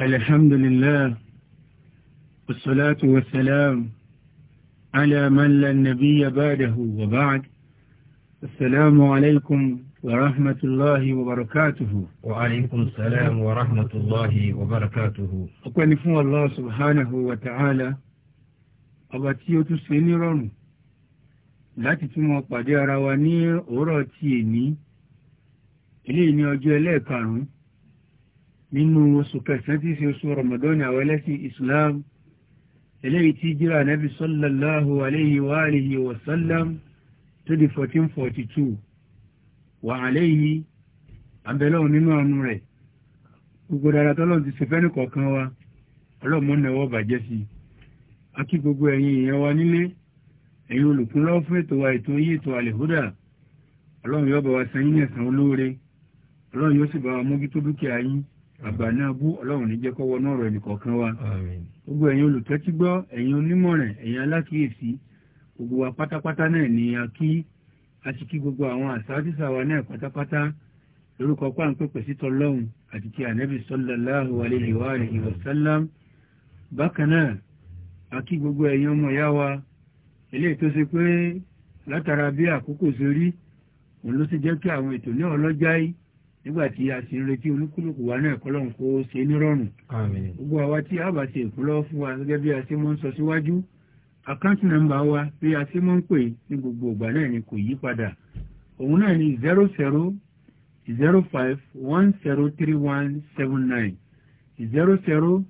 الحمد لله والصلاة والسلام على من لا النبي بعده وبعد السلام عليكم ورحمة الله وبركاته وعليكم السلام ورحمة الله وبركاته أقول الله سبحانه وتعالى أباتي تسيني رون لا تتمو قدير واني أوراتيني إليني أجل كارون nínú oṣù kẹsàn-án tí í ṣe oṣù Ramadan àwọn ẹlẹ́sìn Islam eléyìí tí jíra nabi sallallahu alayhi wa alihi wa sallam tó di 1442 wà alayhi abẹ́lọ́hùn nínú àánú rẹ̀ gbogbo dára tọ́lọ́n ti ṣẹfẹ́ ní kọ̀ọ̀kan wa ọlọ́mọ náwọ́ bàjẹ́ sí a kí gbogbo ẹ̀yin èèyàn wa nílé ẹ̀yin olùkúnlọ́wọ́ fún ètò wa ètò yìí ètò àlèhúdà ọlọ́run yóò bá wa san yín olóore ọlọ́run yóò sì bá wa mójútó dúkìá yín àbànà abú ọlọ́run ní jẹ́ kọ́wọ́ náà rẹ̀ nìkọ̀ọ̀kan wa gbogbo ẹ̀yin olùtẹ́tígbọ́ ẹ̀yin onímọ̀ràn ẹ̀yin alákìyèsí gbogbo wa pátápátá náà ni a kí a sì kí gbogbo àwọn àsáàtìsà wa náà pátápátá lórúkọ páńpẹ́ pẹ̀sí tọlọ́hun àti ti ànẹ́bí sallallahu alaihi wa alihi wa sallam bákan náà a kí gbogbo ẹ̀yin ọmọ ìyá wa eléyìí tó ṣe pé látara bí àkókò ṣe òun ló ti jẹ́ kí àwọn ètò náà lọ́jáì nígbàtí a sì ń retí olúkúlùkù wa náà kọ́lọ́n kó ṣe nírọ̀rùn gbogbo àwa tí a bá ṣe ìkúlọ́ fún wa gẹ́gẹ́ bí a ṣe mọ́ ń sọ síwájú àkáǹtì nọ́mbà wa bí a ṣe mọ́ ń pè ní gbogbo ìgbà náà ni kò yí padà òun náà ni zero zero zero five one zero three one seven nine zero zero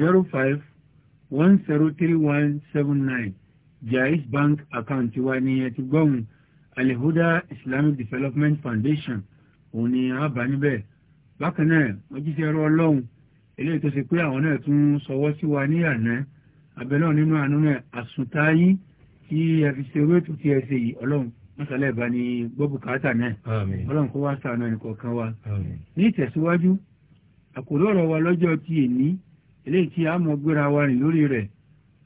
zero five one zero three one seven nine Jais bank account wa ni ẹ ti gbọ́hùn Alihuda Islamic Development Foundation òun ni a bá níbẹ̀ bákan náà wọ́n jíṣẹ́ ẹrọ ọlọ́run eléyìí tó ṣe pé àwọn náà tún sọwọ́ sí wa ní àná abẹ náà nínú àánú náà àsùntáyí tí ẹ fi ṣe owó ètò tí ẹ ṣe yìí ọlọ́run mọ́sálẹ̀ bá ní gbọ́ bùkátà náà ọlọ́run kó wá sànù ẹnì kọ̀ọ̀kan wa ní ìtẹ̀síwájú àkòrí ọ̀rọ̀ wa lọ́jọ́ ti èní eléyìí tí a mọ̀ gbéra wa rìn lórí rẹ̀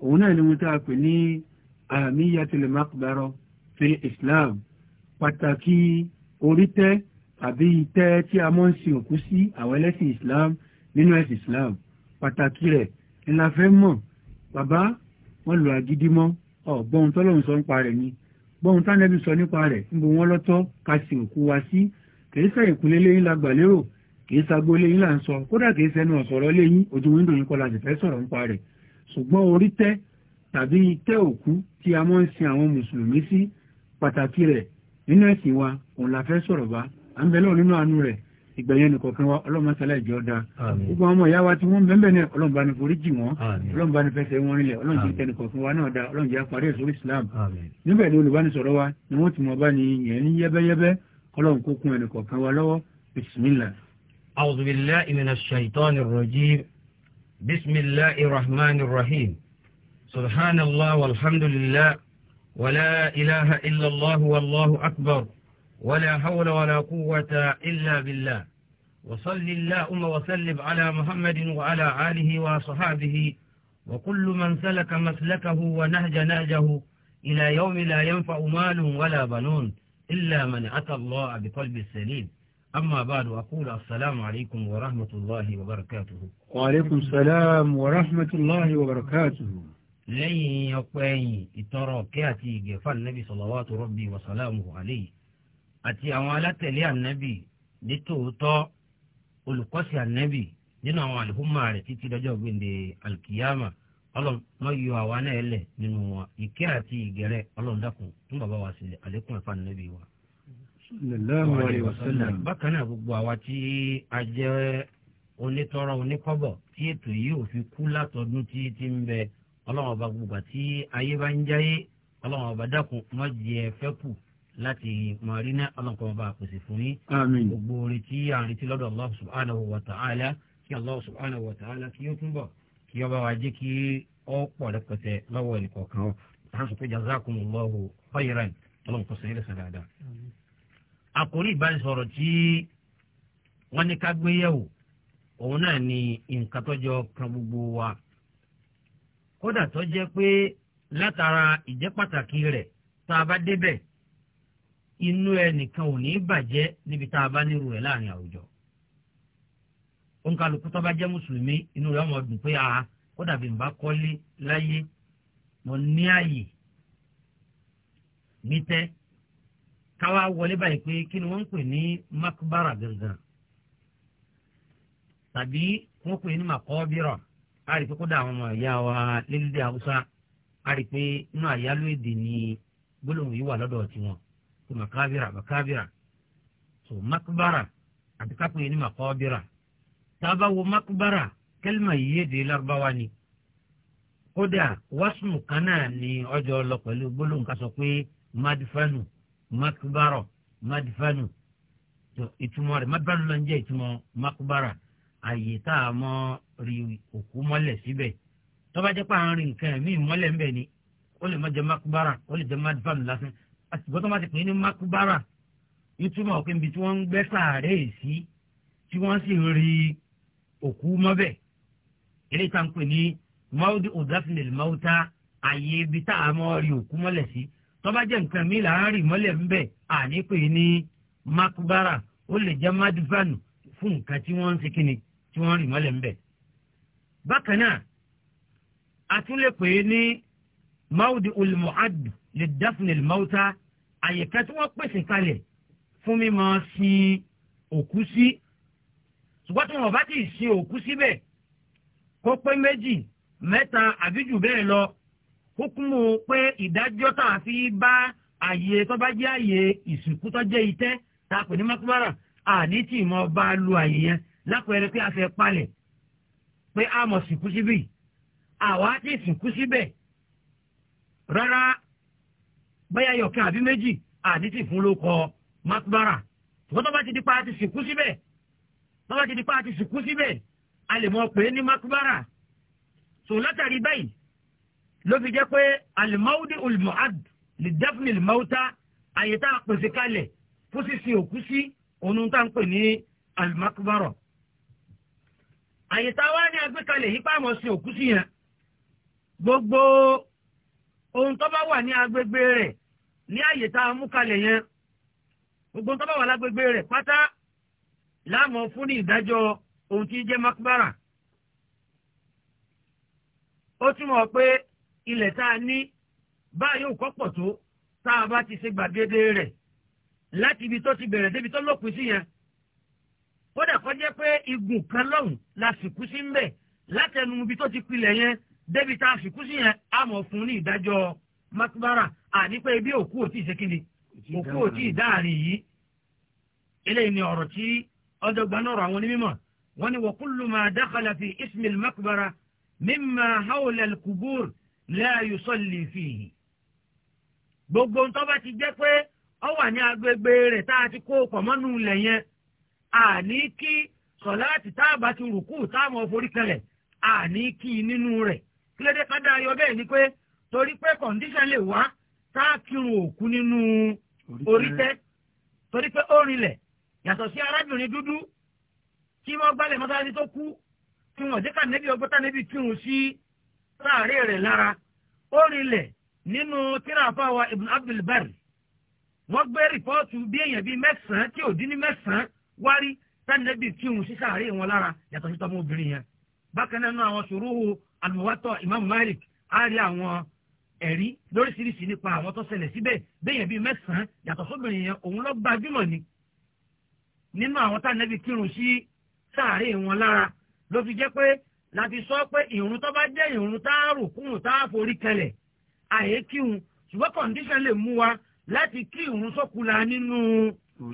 òun náà ni mo tá a pè ní àmì yàtìlẹ̀ mákùbárọ̀ fi Islam pàtàkì orítẹ́ àbí itẹ́ tí a mọ́ ń sin òkú sí àwọn ẹlẹ́sìn islam nínú ẹ̀sìn islam pàtàkì rẹ̀ ni la fẹ́ mọ̀ bàbá wọn lò agídí mọ́ ọ bọ́hun tọ́lọ́hun sọ nípa rẹ̀ ni bọ́hun tánẹ́bí sọ nípa rẹ̀ níbo wọn lọ́tọ́ ka sin òkú wa sí kìí sẹ́ ìkúnlé lẹ́yìn la gbà lérò kìí sagbó lẹ́yìn là ń sọ kódà kìí sẹ́nu ọ̀sọ̀rọ̀ lẹ́yìn ojú wíńdò yín kọ́ la sì fẹ́ sọ̀rọ̀ nípa rẹ̀ ṣùgbọ́n orí tẹ́ tàbí tẹ́ òkú tí a mọ́ ń sin àwọn mùsùlùmí sí pàtàkì rẹ̀ nínú ẹ̀sìn wa òun la fẹ́ sọ̀rọ̀ bá à ń bẹ lọ́wọ́ nínú àánú rẹ̀ ìgbẹ̀yẹn nìkọ̀kan wa ọlọ́mọsálẹ̀ ìjọ da gbogbo àwọn ọmọ ìyá wa tí wọ́n bẹ́ẹ̀ ní ọlọ́mọba ní forí jì wọ́n ọlọ́mọba ní fẹsẹ̀ wọn rinlẹ̀ ọlọ́mọba ولا إله إلا الله والله أكبر ولا حول ولا قوة إلا بالله وصل اللهم وسلم على محمد وعلى آله وصحابه وكل من سلك مسلكه ونهج نهجه إلى يوم لا ينفع مال ولا بنون إلا من أتى الله بقلب السليم أما بعد أقول السلام عليكم ورحمة الله وبركاته وعليكم السلام ورحمة الله وبركاته لن يقوي اترى جفال النبي صلوات ربي وسلامه عليه àti àwọn alátẹ̀lé ànábì ní tòótọ́ olùkọ́sí ànábì nínú àwọn àlùfáà rẹ̀ títí dọjọ́ gbèǹde alkiyama ọlọ́run má yọ àwa náà lẹ̀ nínú wọn ìkẹ́ àti ìgẹ̀rẹ́ ọlọ́run tún bàbá wa sílẹ̀ àlékún ẹ̀fà ànábì wa. bákan náà gbogbo àwa tí a jẹ́ onítọ́rọ̀ oníkọ́bọ̀ tí ètò yìí ò fi kú látọdún tí ti ń bẹ ọlọ́run ọba gbogbo àti ayé bá ń jáyé ọlọ́run ọba dákun má jẹ́ fẹ́ kù láti máa rí náà ọlọ́nkọ́ bá a pèsè fún yín. gbogbo orin tí à ń retí lọ́dọ̀ allah subhanahu wa ta'ala kí allah subhanahu wa ta'ala kí ó túnbọ̀ kí ọba wa jẹ́ kí ó pọ̀ rẹpẹtẹ lọ́wọ́ ẹnìkọ̀ọ̀kan ọ̀ àwọn sọ pé jazakumullahu khairan ọlọ́nkọ́ sẹ́yìn lẹ́sẹ̀ dáadáa. àkórí ìbánisọ̀rọ̀ tí wọ́n ní ká gbéyẹ̀wò òun náà ni nǹkan tọ́jọ́ kan gbogbo wa kódà tó pé látara ìjẹ́ rẹ̀ tá a bá débẹ̀ inú ẹnìkan ò ní bàjẹ́ níbi tá a bá nírú rẹ̀ láàrin àwùjọ. òǹkàlùkù tó bá jẹ́ mùsùlùmí inú rẹ̀ ọmọ dùn pé a kó dàbí nbá kọ́lé láyé mo ní àyè mi tẹ́ káwá wọlé báyìí pé kí ni wọ́n ń pè ní makbara gangan tàbí wọ́n pè ní makọ́bírà a rí i pé kó dà àwọn ọmọ ìyá wa lédè haúsá a rí i pé inú àyálò èdè ni gbólóhùn yìí wà lọ́dọ̀ tiwọn pé makabira makabira so makbara àti kápẹ́ yẹn ní makọ́bira tábà wo makbara kẹ́lìmà yìí èdè lárúbáwá ni kódà wásùmù kan náà ni ọjọ́ lọ pẹ̀lú gbólóhùn ká pé madifanu makbara madifanu ìtumọ̀ rẹ̀ madifanu ló ń jẹ́ ìtumọ̀ makbara àyè tá a mọ rí òkú mọ́lẹ̀ síbẹ̀ tọ́ba jẹ́ pé à ń rí nǹkan ẹ̀mí ni ó lè má jẹ́ makbara ó lè jẹ́ madifanu lásán àtìgbọ́ tó bá ti pè é ní makubara ìtumọ̀ pé níbi tí wọ́n ń gbẹ́ sàárè sí tí wọ́n sì ń rí òkú mọ́bẹ̀ eléyìí tá à ń pè ní maudi odafnil mauta àyè ibi tá a mọ́ rí òkú mọ́lẹ̀ sí tó bá jẹ́ nǹkan mi là ń rí mọ́lẹ̀ ń bẹ̀ àní pè é ní makubara ó lè jẹ́ madivanu fún nǹkan tí wọ́n ń ṣe kíni tí wọ́n ń rí mọ́lẹ̀ ń bẹ̀. bákan náà a tún lè pè é ní maudi olùmọ̀ádù lè dáfnil mauta àyè kan tí wọ́n pèsè kalẹ̀ fún mi máa sin òkú sí ṣùgbọ́n tí wọ́n bá ti sin òkú síbẹ̀ kó pé méjì mẹ́ta àbí jù bẹ́ẹ̀ lọ hukumu pé ìdájọ́ tá a fi bá àyè tó bá jẹ́ àyè ìsìnkú tó jẹ́ itẹ́ tá a pè ní makubara àní tí mo bá lu àyè yẹn lápẹẹrẹ pé a fẹ́ palẹ̀ pé a mọ̀ sìnkú síbí àwa ti sìnkú síbẹ̀ rárá bóyá yọ̀kan àbí méjì àní sì fún ló kọ makbara ṣùgbọ́n tó bá ti di pa àti sìnkú síbẹ̀ tó ti di pa àti sìnkú síbẹ̀ a lè mọ̀ pé ní makbara so látàrí báyìí ló fi jẹ́ pé alimawudi olùmọ̀ad lè dẹ́fúnì lùmọ́ta àyè tá a pèsè kalẹ̀ fún sísìn òkú sí òun tá à pè ní alimakubara àyè tá a wá yípa àmọ́ sin òkú sí yẹn gbogbo ohun tó bá wà ní agbègbè rẹ ní àyè tá a mú kalẹ̀ yẹn gbogbo tó bá wà lágbègbè rẹ̀ pátá láàmú fún ní ìdájọ́ ohun tí jẹ́ makbara ó túmọ̀ pé ilẹ̀ tá a ní báyìí òkọ́ pọ̀ tó tá a bá ti ṣe gbàgede rẹ̀ láti ibi tó ti bẹ̀rẹ̀ débi tó lópin sí yẹn kódà kó pé igun kan lọ́hùn la sì kú sí ń bẹ̀ látẹnu ibi tó ti pilẹ̀ yẹn débi tá a sìnkú sí yẹn a mọ̀ fún ní ìdájọ́ makbara àní pé ibi òkú ò tí ì ṣe kíni òkú ò tí ì dáàrin yìí eléyìí ni ọ̀rọ̀ tí ọ̀dọ́gbaná ọ̀rọ̀ àwọn onímọ̀ wọ́n ní wọ́kúlù máa dákàlà fi ismi makbara mímà hawla kubur la yusalli fihi gbogbo ń tọ́ba ti jẹ́ pé ó wà ní agbègbè rẹ̀ tá a ti kó pọ̀mọ́nù ilẹ̀ yẹn àní kí sọ̀láàtì tá a bá ti rùkú táwọn forí kalẹ̀ àní kí nínú rẹ̀ kílódé ká dá ayọ̀ bẹ́ẹ̀ ni pé torí pé kọ̀ǹdíṣàn lè wá tá a kírun òkú nínú orí tẹ́ torí pé ó rinlẹ̀ yàtọ̀ sí arábìnrin dúdú tí wọ́n gbálẹ̀ mọ́sálásí tó kú tí wọ́n dé kànẹ́bí ọgbọ́tà níbi kírun sí sáré rẹ̀ lára ó rinlẹ̀ nínú tírafáwa ibn abdul bar wọ́n gbé rìpọ́ọ̀tù bí èèyàn bíi mẹ́sàn-án tí ò dín ní mẹ́sàn-án wárí sánẹ́bí kírun sí sáré wọn lára yàtọ̀ sí tọmọ obìnrin yẹn bákan náà àwọn sòrúhù àlùmọ́wátọ́ imam malik á rí àwọn ẹ̀rí lóríṣiríṣi nípa àwọn tó ṣẹlẹ̀ síbẹ̀ bẹ́yẹn bíi mẹ́sàn-án yàtọ̀ sóbìnrin yẹn òun ló gbajúmọ̀ ni nínú àwọn tá nẹ́bi kírun sí sàárè wọn lára ló fi jẹ́ pé láti sọ pé ìrun tó bá jẹ́ ìrun tá a rò kúrun tá a forí kẹlẹ̀ àyè kírun ṣùgbọ́n kọ̀ǹdíṣàn lè mú wa láti kí ìrun sókùlà nínú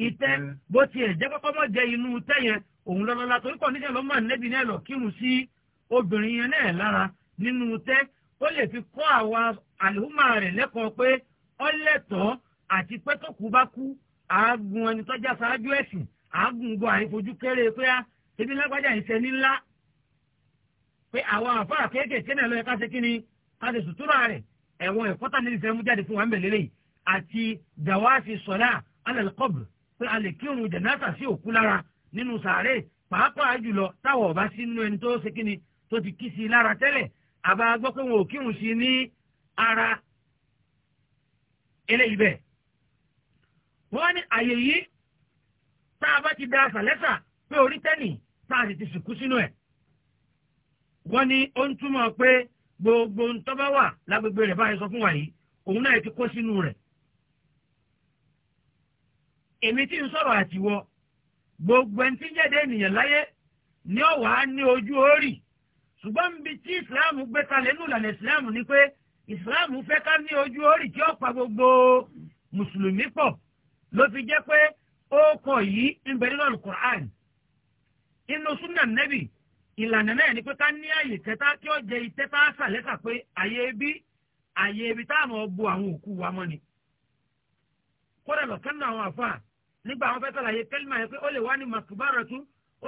ìtẹ́ bó tiẹ̀ jẹ́ kọ́kọ́ mọ́ jẹ inú tẹ́yẹn òun lọ́lọ́lá torí kọ̀ǹdíṣàn ló mọ̀ nẹ́bi náà lọ kírun sí obìnrin yẹn náà lára nínú tẹ́ ó lè fi kọ́ àwa àlùmọ́ rẹ̀ lẹ́kọ̀ọ́ pé ọlẹ́tọ̀ọ́ àti pẹ́tọ́kù bá kú àágùn ẹni tọ́já ṣáájú ẹ̀sìn àágùn gbọ́ àìfojú kéré pé á ebi lágbájá ìṣe ní ńlá pé àwọn àfáà kéékèèké náà lọ́yẹ káṣe kínní káṣe sùtúrà rẹ̀ ẹ̀wọ̀n ẹ̀kọ́tà ní ìfẹ́ mú jáde fún wa ń bẹ̀ lélẹ̀ àti dàwáàsì sọ̀lá alẹ́lẹ́kọ́bù pé a lè kírun jẹ̀nàtà sí òkú lára nínú sàárè pàápàá jùlọ táwọn ọ̀bá sínú ẹni tó ṣe kínní tó ti kí sí i lára tẹ́lẹ̀ àbá gbọ́ pé wọn ò kírun sí ní ara eléyìí bẹ́ẹ̀. wọ́n ní àyè yìí tá a bá ti da sàlẹ́sà pé orí tẹ́nì tá a sì ti sìnkú sínú ẹ̀. wọ́n ní ó ń túmọ̀ pé gbogbo ntọ́ba wà lágbègbè rẹ̀ báyìí sọ fún wa yìí òun náà ti kó sínú rẹ̀. èmi tí ń sọ̀rọ̀ àtiwọ́ gbogbo ẹni tí ń jẹ́dẹ́ ènìyàn láyé ni ó wàá ní ojú orí ṣùgbọ́n níbi tí ìsìláàmù gbé kalẹ̀ nù lànà ìsìláàmù ni pé ìsìláàmù fẹ́ ká ní ojú orí tí ó pa gbogbo mùsùlùmí pọ̀ ló fi jẹ́ pé ó kọ yìí ń bẹ nínú alukur'an inú sunna nẹ́bì ìlànà náà ni pé ká ní àyè kẹta kí ó jẹ ìtẹ́ tá a sàlẹ́sà pé àyè ibi àyè ibi táwọn ọgbọ àwọn òkú wa mọ́ ni kódà lọ́kàn náà àwọn àfa nígbà àwọn fẹ́ sàlàyé kẹ́lí ó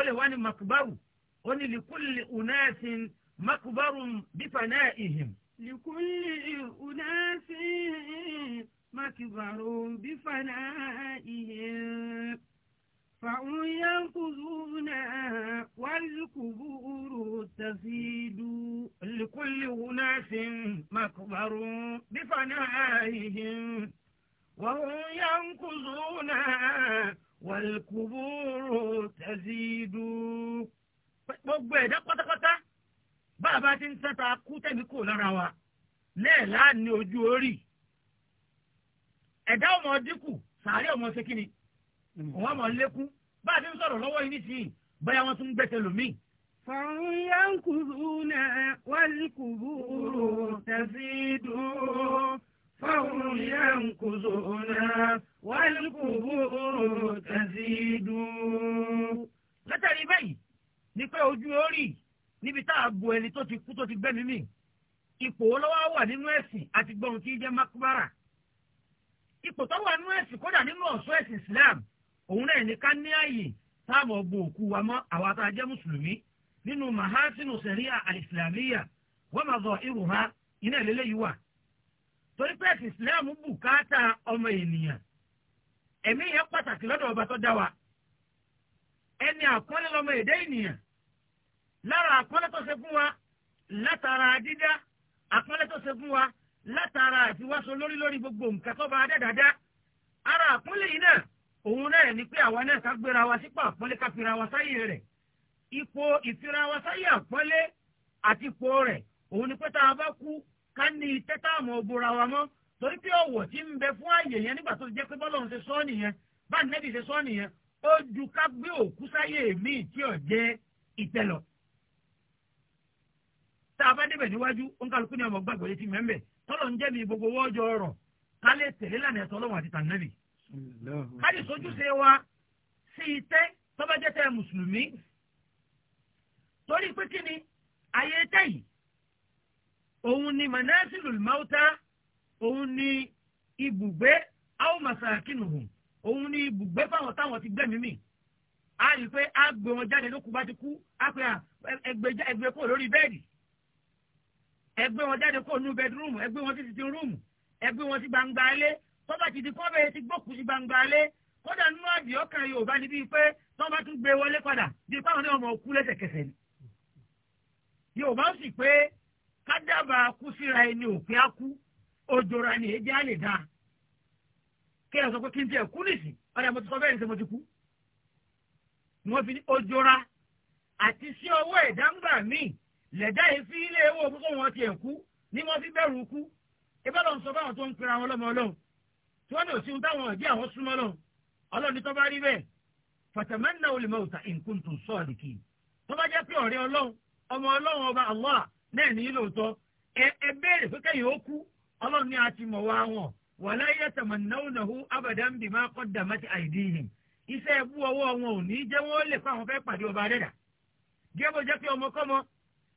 lè wá ní màkúbárù ولكل أناس مكبر بفنائهم لكل أناس مكبر بفنائهم فهم ينقذونا والقبور تزيد لكل أناس مكبر بفنائهم وهم ينقذونا والقبور تزيد gbogbo ẹ̀dá pátápátá bàbá ti ń sẹ́ta kú tẹ̀mí kò lára wa lẹ́ẹ̀lá ní ojú orí ẹ̀dá ọmọ dínkù sàárẹ̀ ọmọ sekini òun ọmọ lékún bá a ti ń sọ̀rọ̀ lọ́wọ́ yìí nísìnyí bóyá wọ́n tún ń gbẹ́sẹ̀ lómi. fàrún yá ń kúrú náà wálé kúrú tẹ̀sí dùn. فهم ينقذون والقبور تزيد ni pé ojú orí níbi tá a bo ẹni tó ti kú tó ti gbẹ́mí mì ipò olówó wà nínú ẹ̀sìn àti gbọ́n tí jẹ́ makubara ipò tó wà nínú ẹ̀sìn kódà nínú ọ̀ṣọ́ ẹ̀sìn Islam òun náà ní ká ní ààyè táàmù ọgbọ òkú wa mọ́ àwa tá a jẹ́ mùsùlùmí nínú mahasinu sẹ̀ríà àìsìlámíyà wọ́n máa zọ irú ha iná ìlélẹ́yìí wà torí pé ẹ̀sìn Islam bùkátà ọmọ ènìyàn ẹ̀mí yẹn pàtàkì lọ́dọ̀ ọba tó dá wa ẹni àkọ́lé lọ́mọ èdè ènìyàn lára àpọ́nlé tó ṣe fún wa látara dídá àpọ́nlé tó ṣe fún wa látara àtiwáṣọ lórí lórí gbogbo nǹkan tó bá dẹ́dàdá ara àpọ́nlé yìí náà òun náà ni pé àwa náà ká gbéra wa sípò àpọ́nlé ká fira wa sáyè rẹ̀ ipò ìfira wa sáyè àpọ́nlé àti ipò rẹ̀ òun ni pé tá a bá kú ká ní itẹ́ táàmù òbúra wa mọ́ torí pé ọ̀wọ̀ tí ń bẹ fún àyè yẹn nígbà tó jẹ́ pé bọ́lọ́run ṣe sọ́ nìyẹn bá nẹ́bí ṣe sọ́ nìyẹn ó ju ká gbé òkú sáyè míì tí tá a bá débẹ̀ níwájú ó ń kálukú ni ọmọ gbàgbọ́ létí mẹ́mbẹ́ tọ́lọ̀ ń jẹ́bi gbogbo wọ́ọ́jọ́ ọ̀rọ̀ ká lè tẹ̀lé lànà ẹ̀tọ́ ọlọ́run àti tànàbì. ká lè sojúṣe wa sí itẹ́ tọ́bẹ́jẹ́tẹ́ mùsùlùmí torí pé kí ni ayé tẹ́ yìí òun ni manasilul mauta òun ni ibùgbé aw masakinuhum òun ni ibùgbé fáwọn táwọn ti gbẹ̀mí mi a rí i pé a gbé wọn jáde lókun bá ti kú a pè à ẹgbẹ́ kúrò lórí bẹ́ẹ̀dì ẹgbẹ́ wọn jáde kó nu bẹdrúmù ẹgbẹ́ wọn ti ti rúmù ẹgbẹ́ wọn ti gbangba ilé tọ́ba ti di kọ́bẹ̀ ti gbókù sí gbangba ilé kódà nínú àbí ọkàn Yorùbá ni bíi pé tọ́ba tún gbé wọlé padà bíi pé àwọn ní ọmọ òkú lẹ́sẹ̀kẹsẹ̀ ni. Yorùbá sì pé kádàbà kú síra ẹni òpin akú òjòrà ni èjì á lè dáa kí ẹ sọ pé kí n tiẹ̀ kú nìsí ọ̀dà mo ti sọ bẹ́ẹ̀ ní sẹ́ mo ti kú. ni wọ́n fi ní òjòrà àti sí ọwọ́ ẹ̀dá ń gbà míì lẹ̀dá yìí fi ilé ewu òkú kó wọn ti ẹ̀ kú ní wọ́n fi bẹ̀rù kú ìbálò ń sọ fáwọn tó ń pera wọn lọ́mọ ọlọ́run tí wọ́n ní táwọn àwọn súnmọ́ ọlọ́run tó bá rí bẹ́ẹ̀ ọmọ ọlọ́run ọba Allah náà ní lóòótọ́ ẹ pé kẹ́yìn ó kú ọlọ́run ní a ti mọ̀ wala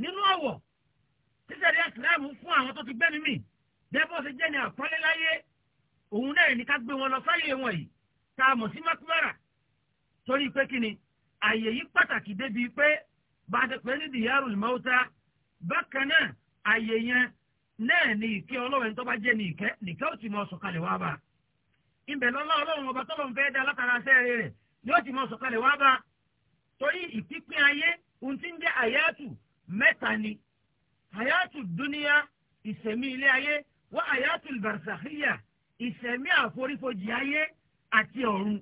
nínú ọ̀wọ̀ títẹ̀lé ẹ̀sìlámù fún àwọn tó ti gbẹ́ni mì dẹ́bọ̀ ṣe jẹ́ ni àpọ́nlé láyé òun náà ní ká gbé wọn lọ sáyé wọn yìí tá a mọ̀ sí mọ́kúbárà torí pé kí ni àyè yìí pàtàkì débi pé bá a ti pè é ní dìyàrú ìmọ̀ọ́ta bákan náà àyè yẹn náà ní ìkẹ́ ọlọ́run tó bá jẹ́ ní ìkẹ́ nìkẹ́ ò ti mọ sọ̀kalẹ̀ wá bá ibẹ̀ lọ́lá ọlọ́run ọba tọ́lọ́ fẹ́ dá látara sẹ́ẹ̀rẹ́ rẹ̀ ni ó ti mọ sọ̀kalẹ̀ wá bá a torí ìpínpín ayé ohun tí ń jẹ́ àyàtù mẹ́ta ni hayatu duniya ìsẹ̀mí ilé ayé wá hayatu barzakhiya ìsẹ̀mí àforífojì ayé àti ọ̀run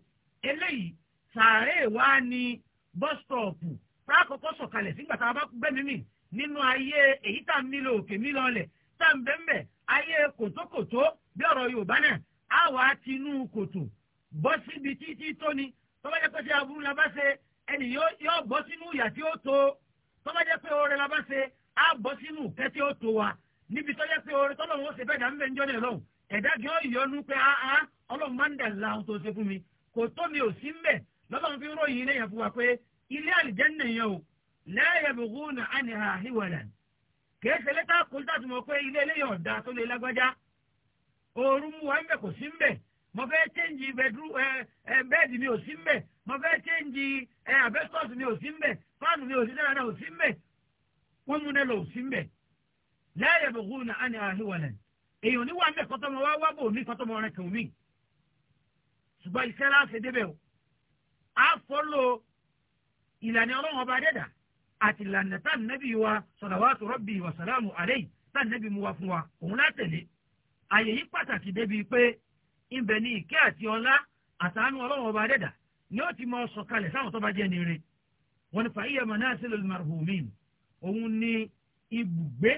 eléyìí sàárè wá ní bọ́sítọ̀ọ̀pù tá a kọ́kọ́ sọ̀kalẹ̀ sígbà tá a bá gbẹ́mí mi nínú ayé èyí tá a nílò òkè mi lọ́lẹ̀ tá a ń bẹ́ ayé kòtókòtó bí ọ̀rọ̀ Yorùbá náà á ti inú kòtò bọ́ síbi títí tóni tọ́wọ́ yẹ pé ṣe aburú la bá ṣe ẹnì yóò bọ́ sínú ìyà tí ó tó tọ́ba jẹ́ pé oore la bá ṣe á bọ́ sínú kẹ́tí ó tó wa níbi tọ́jẹ́ pé oore tọ́lọ́run ó ṣe bẹ́ẹ̀ dàmú bẹ́ẹ̀ ń jọ́nà lọ́hùn ẹ̀dá kí ó yọnu pé áá ọlọ́run máa ń dà la ohun tó ṣe fún mi kò tó mi ò sí ń bẹ̀ lọ́lọ́run fi ròyìn ilé yẹn fún wa pé ilé àlìjẹ́nà yẹn o lẹ́yẹ̀bùkúnà àníhà híwàlà kìí mo fẹ́ chẹ́ǹjì bẹ̀dú bẹ́ẹ̀dì mi ò sí mbẹ̀ mo fẹ́ chẹ́ǹjì eh, abẹ́sọ̀sì mi ò sí mbẹ̀ fáànù mi ò sí dáadáa ò sí mbẹ̀ wọ́n mú nílò ò sí mbẹ̀ lẹ́yìn ìbùkún ní àná àhíwọ̀lẹ̀ èèyàn ní wà ń bẹ̀ kọ́tọ́mọ wá wá bò ní kọ́tọ́mọ rẹ̀ kàn mí ṣùgbọ́n iṣẹ́ láti débẹ̀ o á fọ́lọ́ ìlànà ọlọ́run ọba dẹ́dà àti ìlànà tá nàbí wa salawatu wa salamu alayhi ibẹ̀ ni ìkẹ́ àti ọlá àtàánú ọlọ́run ọba adẹ́dà ni ó ti máa sọ̀kalẹ̀ sáwọn tó bá jẹ́ ni rere wọn ni fàáyé manasilul marhumin òun ni ibùgbé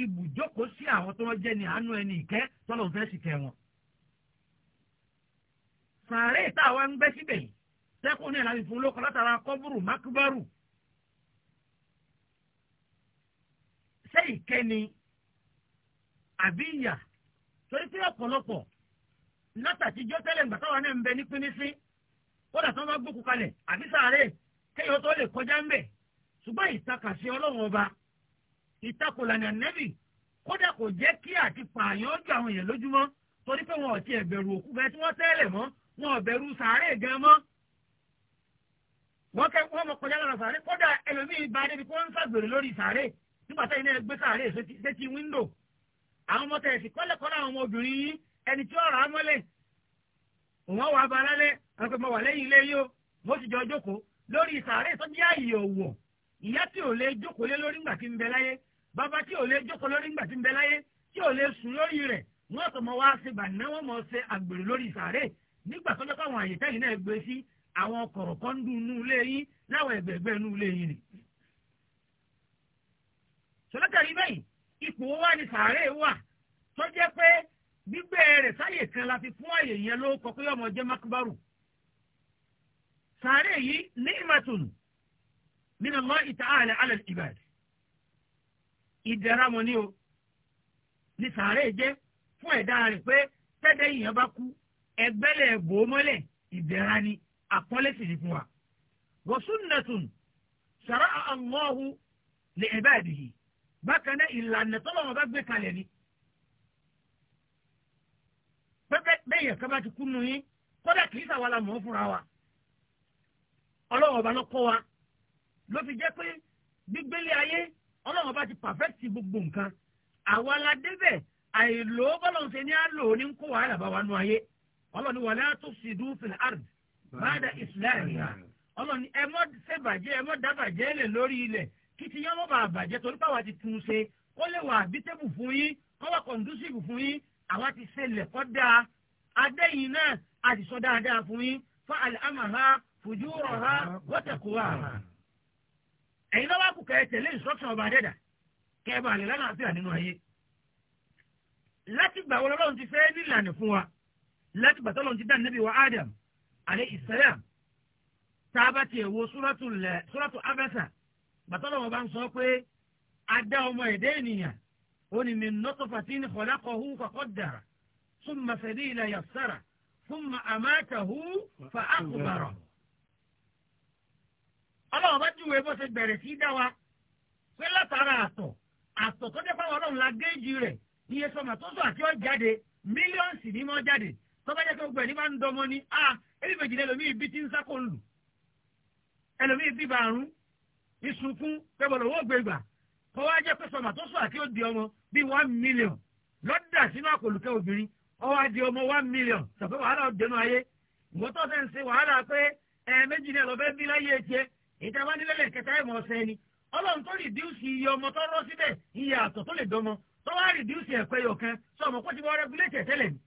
ibùjókòó sí àwọn tó jẹ́ ni àánú ẹni ìkẹ́ tọ́lọ̀ fẹ́ sì kẹ́ wọn. sàárè táwa ń gbẹ́ síbẹ̀ yìí sẹ́kùn ní ìlànà ìfún olókọ́ látara kọ́búrú mákúbárù ṣé ìkẹ́ni àbí torí pé ọ̀pọ̀lọpọ̀ látàtijọ́ tẹ́lẹ̀ ńgbà táwọn náà ń bẹ ní pínífín kódà tó ń bá gbókù kalẹ̀ àbí sàárè kéèyàn tó lè kọjá ń bẹ̀ ṣùgbọ́n ìtakàsí ọlọ́run ọba ìtakùlànà nẹ́bì kódà kò jẹ́ kí àti pààyàn ojú àwọn èèyàn lójúmọ́ torí pé wọn ò tiẹ̀ bẹ̀rù òkú bẹ́ẹ̀ tí wọ́n tẹ́lẹ̀ mọ́ wọn ò bẹ̀rù sàárè gan mọ́ wọ́n kẹ́ wọ́n mọ kọjá lọ́nà sàárè kódà ẹlòmíì bá débi kó ń ṣàgbèrè lórí sàárè nígbà táyì náà gbé sàárè sétí wíńdò àwọn ọmọ tẹ̀sí kọ́lẹ̀kọ́lẹ̀ àwọn ọmọ obìnrin yìí ẹni tí ọ̀rọ̀ amọ́lẹ̀ òun ọ̀wọ́ abalálẹ̀ àwọn pẹ̀lú wà lẹ́yìn ilé yóò mo ti jọ jókòó lórí ìsàárè tó jẹ́ àyè ọ̀wọ̀ ìyá tí ò lè jókòó lé lórí ńgbà tí ń bẹ láyé bàbá tí ò lè jókòó lórí ńgbà tí ń bẹ láyé tí ò lè sùn lórí rẹ̀ wọ́n sọ mọ́ wá sí gbàná wọ́n mọ̀ ṣe àgbèrè lórí ìsàárè nígbà tó jẹ́ káwọn àyè náà gbé sí àwọn kọ̀rọ̀kọ́ ń ilé yín láwọn ẹ̀gbẹ̀gbẹ́ ni. sọlọ́tẹ̀rí bẹ́yìn ipò wa gbígbé rẹ̀ sáyè kan la fi fún àyè yẹn ló kọ pé ọmọ jẹ́ makubaru sàárè yìí ní ìmọ̀tòlù min Allah ta'ala ala al-ibad ìdẹ̀ra mọ̀ ní o ní sàárè jẹ́ fún ẹ̀dá rẹ̀ pé tẹ́tẹ́ yìnyẹn bá kú ẹgbẹ́lẹ̀ bò mọ́lẹ̀ ni àpọ́lẹ̀ sì ní fún wa wa sunnatun shara'a Allahu li ibadihi bákan náà ìlànà tọ́lọ́wọ́n gbé kalẹ̀ ni bẹ́ẹ̀ kan bá ti kú nu yín kódà kì í sàwa la mọ̀ ọ́ fúnra wa ọlọ́wọ́n ọba ló kọ́ wa ló fi jẹ́ pé gbígbélé ayé ọlọ́wọ́n ọba ti pàfẹ́tì gbogbo nǹkan àwa la débẹ̀ àìlò bọ́lọ̀hún ṣe ní á lò ní kó wàhálà bá wa nu ayé ọlọ́ni wàlẹ́ àtúnṣìdú fil ard báda ìsìláàmù ọlọ́ni ẹ mọ́ ṣèbàjẹ́ ẹ mọ́ dábàjẹ́ lè lórí ilẹ̀ kí ti yán mọ́ bàa ti tún un ṣe kó lè wà bítẹ́bù fún yín kó wà kọ̀ǹdúṣìbù àwa ti ṣe lẹ̀kọ́ dáa adéyìn náà a ti sọ dáadáa fún yín fún alhamaha fujuraha watakuwaha. ẹ̀yin náà wá kú kẹ́ ẹ tẹ̀lé instruction ọba adẹ́dà kẹ́ ẹ bá lè lánàá àfíà nínú ayé. láti gbà wọlé ọlọ́run ti fẹ́ nílànà fún wa láti gbà tọ́lọ́run ti dá níbi wa Adam alayhi salam tá a bá tiẹ̀ wo súrọ́tù abẹ́sà gbàtọ́lọ́wọ́ bá ń sọ pé adá ọmọ ẹ̀dá ènìyàn ó ní min nutfatin khalaqahu faqaddara thumma sabila yassara thumma amatahu fa aqbara. ọlọ́run bá júwèé bó ṣe bẹ̀rẹ̀ sí dá wa pé látara àtọ̀ àtọ̀ tó dé fáwọn ọlọ́run la géèjì rẹ̀ iye sọmọ tó sọ àti ọ̀jáde mílíọ̀nsì ní mọ́ jáde tọ́ba jẹ́ pé gbogbo ẹ̀ ní bá ń dọmọ ni a ebi méjì ní ẹlòmíì bí ti ń sákò ń lù ẹlòmíì bí bàrún ìsunkún pẹ̀lú owó gbégbà kó wá jẹ́ pé sọmọ tó sọ àti ó di ọmọ bíi one million lọ́dà sínú àkòlùkẹ́ obìnrin ó wá ọmọ one million sọ pé wàhálà ọ̀dẹ́nu ayé ìwọ́n tó fẹ́ ń ṣe wàhálà pé ẹ̀ẹ́mẹ́jì ni ẹ̀lọ́fẹ́ bí láyé tiẹ̀ ìjọba nílẹ̀ kẹta ẹ̀mọ́ ọ̀sẹ̀ ni ọlọ́run tó rìdíùsì iye ọmọ tó rọ́ síbẹ̀ iye àtọ̀ tó lè dọ́mọ tó wá rìdíùsì ẹ̀pẹ́ yọ̀ kan sọ ọmọ kó ti wọ́n rẹ́gúlétì tẹ́lẹ̀ ni.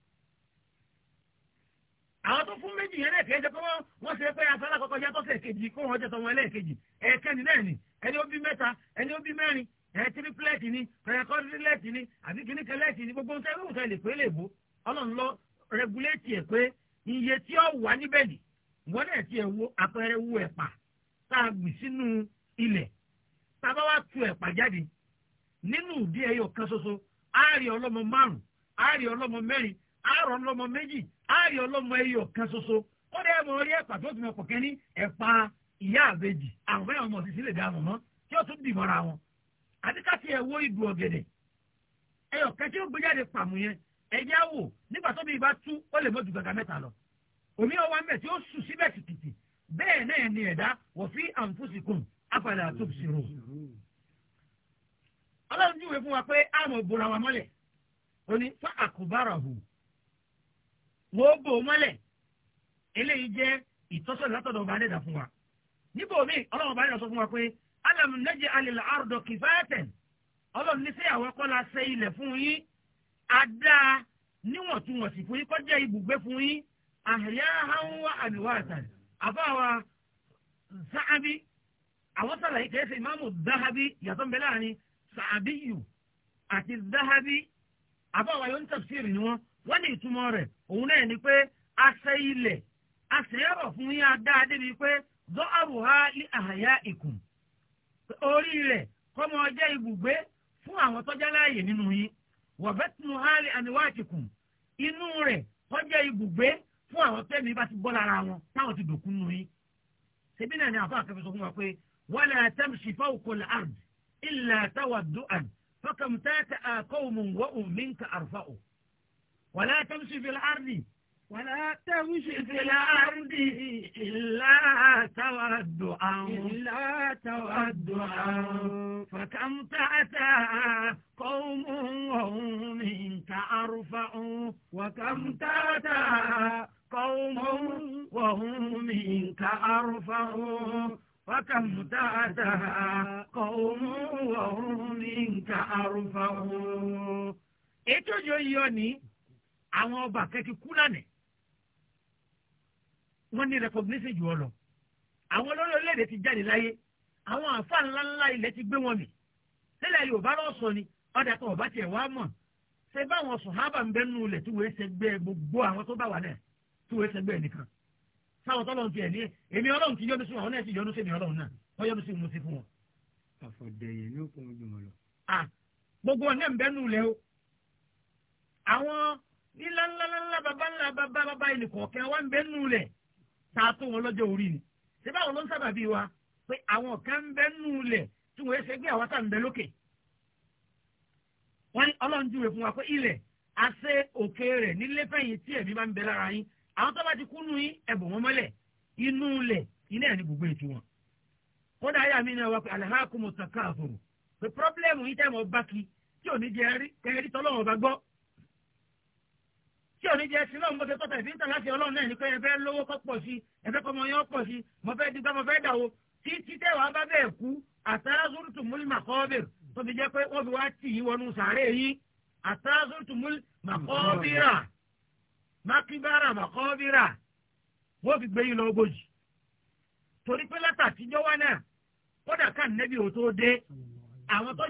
àwọn tó fún méjì yẹn lẹ́ẹ̀kẹ́ jẹ́ pé wọ́n ṣe pé afẹ́lá kọ́kọ́ yá tọ́sẹ̀ kejì kó wọn jẹ́ tọmọ ẹlẹ́ẹ̀kejì ẹ̀ẹ́kẹ́ni náà ni ẹni ó bí mẹ́ta ẹni ó bí mẹ́rin ẹ tírípìlẹ́tì ni pẹ̀rẹ́kọ́dínlẹ́tì ni àbí kìnnìkẹ́lẹ́tì ni gbogbo nǹkan ìwòsàn lè pé lè bó ọlọ́run lọ rẹgulétì ẹ̀ pé iye tí ó wà níbẹ̀ nì wọ́n dẹ̀ tiẹ̀ wo àpẹẹrẹ wo ẹ̀pà tá a gbìn sínú ilẹ̀ tá a bá wá tu ẹ̀pà jáde nínú ìdí ẹyọ kan ṣoṣo á rí ọlọ́mọ márùn-ún á rí ọlọ́mọ mẹ́rin á rọ ọlọ́mọ méjì á rí ọlọ́mọ ẹyọ kan ṣoṣo ó dẹ́ mọ orí ẹ̀pà tó ti mọ̀ pọ̀kẹ́ ní ẹ̀pà ìyá àbejì àwọn ọmọ òṣìṣẹ́ lè dá àmọ̀ mọ́ tí ó tún dì mọ́ra wọn àbíkàtì ẹ̀wọ́ ìdù ọ̀gẹ̀dẹ̀ ẹyọ kẹtí ó gbéjáde pàmò yẹn ẹ̀jẹ̀ wò nígbà tó bí ibà tú ó lè mọ́jú gàgà mẹ́ta lọ omi ọwọ́ mẹ́ tí ó sùn síbẹ̀ tìtìtì bẹ́ẹ̀ náà ni ẹ̀dá wọ̀ fí àǹfóṣìkùn àfàlà tó ọlọ́run ní ìwé fún wa pé àmọ̀ bora wa mọ́lẹ̀ ó ní fún àkùbárà hù wọ́n bò mọ́lẹ̀ eléyìí jẹ́ ìtọ́sọ̀ látọ̀dọ̀ ọba adẹ́dà fún wa níbo alam naj'al al-arda kifatan ọlọ́run ní sí àwọn kọ́lá ṣe ilẹ̀ fún yín adá níwọ̀ntúnwọ̀nsì fún yín kọjá ibùgbé fún yín ahyahan wa amwatan àfáwa sàábí àwọn sàlàyé kẹsẹ̀ ìmáàmù dáhábí yàtọ̀ mbẹ́ láàrin sàábí yù àti dáhábí àfáwa yóò ń tafsir ni wọn wọn ní ìtumọ̀ rẹ̀ òun náà ni pé a ilẹ̀ a fún yín adá débi pé dọ́ àrùhá li àhàyá ìkùn orí rẹ̀ kọ́mọ jẹ́ ibùgbé fún àwọn tọ́jà láàyè nínú yín wọ̀bẹ́tìmù hali àníwáàtìkùn inú rẹ̀ kọjá ibùgbé fún àwọn tẹ́mi bá ti bọ́ lára wọn táwọn ti dòkun nù yín. ṣebí náà ni àfa àkẹ́fẹ́ sọ fún wa pé wala tamshi fawqa al-ard illa tawaddu'an fakam tata qawmun wa hum minka arfa'u wala tamshi fil ardi ولا تمشي في الأرض إلا تودعا إلا تودعا فكم تأتى قوم وهم منك أرفع وكم تأتى قوم وهم منك أرفع وكم تأتى قوم وهم منك أرفع ètò yóò yọ ní àwọn ọba kẹ́kẹ́ kú lánàá wọ́n ní recognition jù ọ lọ àwọn olórí orílẹ̀-èdè ti jáde láyé àwọn àfa ńláńlá ilẹ̀ ti gbé wọn mì nílẹ̀ yorùbá lọ sọ ni ọ̀dà kan ọ̀bá tiẹ̀ wá mọ̀ ṣé báwọn sọ̀hábà ń bẹ́ nù lẹ̀ tí wọ́n ṣe gbé gbogbo àwọn tó bá wà náà tí wọ́n ṣe gbé nìkan sáwọn tọ́lọ́run ti ẹ̀ ní èmi ọlọ́run ti yọ́nu sí wọn àwọn náà ti yọ́nu sí mi ọlọ́run náà wọ́n yọ́nu sí mi mo ti fún wọn. àfọ̀dẹ̀yẹ ni ó kún ojú mọ́ lọ. gbogbo ọ̀nà ń bẹ́ nù lẹ́ o àwọn ńláńláńlá bàbá ńlá bàbá bàbá ẹnìkọ̀ọ̀kan wá ń bẹ́ nù lẹ̀ ta tó wọn lọ́jọ́ orí ni ṣé báwo ló ń sábà bí wa pé àwọn kan ń bẹ nù lẹ̀ tí wọ́n ṣe gbé àwọn tá à ń bẹ lókè wọ́n ní ọlọ́run júwe fún wa pé ilẹ̀ àṣẹ òkè rẹ̀ nílé fẹ̀yìn tí ẹ̀mí bá ń bẹ lára yín àwọn tó bá ti kúnnú yín ẹ̀bùn wọn mọ́lẹ̀ inú lẹ̀ iná ẹ̀ ní gbogbo ètò wọn kódà ayé àmì náà wá pé alhaakumu takafuru pé pírọ́blẹ́mù yìí tẹ́ tí ò ní jẹ sí lọ́wọ́ mo ti tọ́tà ìfíntà láti ọlọ́run náà ni pé ẹbẹ́ lówó kọ́ pọ̀ sí ẹbẹ́ kọ́mọ yẹn pọ̀ sí mo fẹ́ dìgbà mo fẹ́ dàwó tí títẹ̀ wàá bá bẹ́ẹ̀ kú àtàràzùrùtù múlì màkọ́ọ́bìr tó fi jẹ́ pé wọ́n fi wá tì yí wọnú sàárè yìí àtàràzùrùtù múlì màkọ́ọ́bìrà mákìbára màkọ́ọ́bìrà wọ́n fi gbé yín lọ ogójì torí pé látàtijọ́ wá náà kódà ká nẹ́bí ò tó dé àwọn tó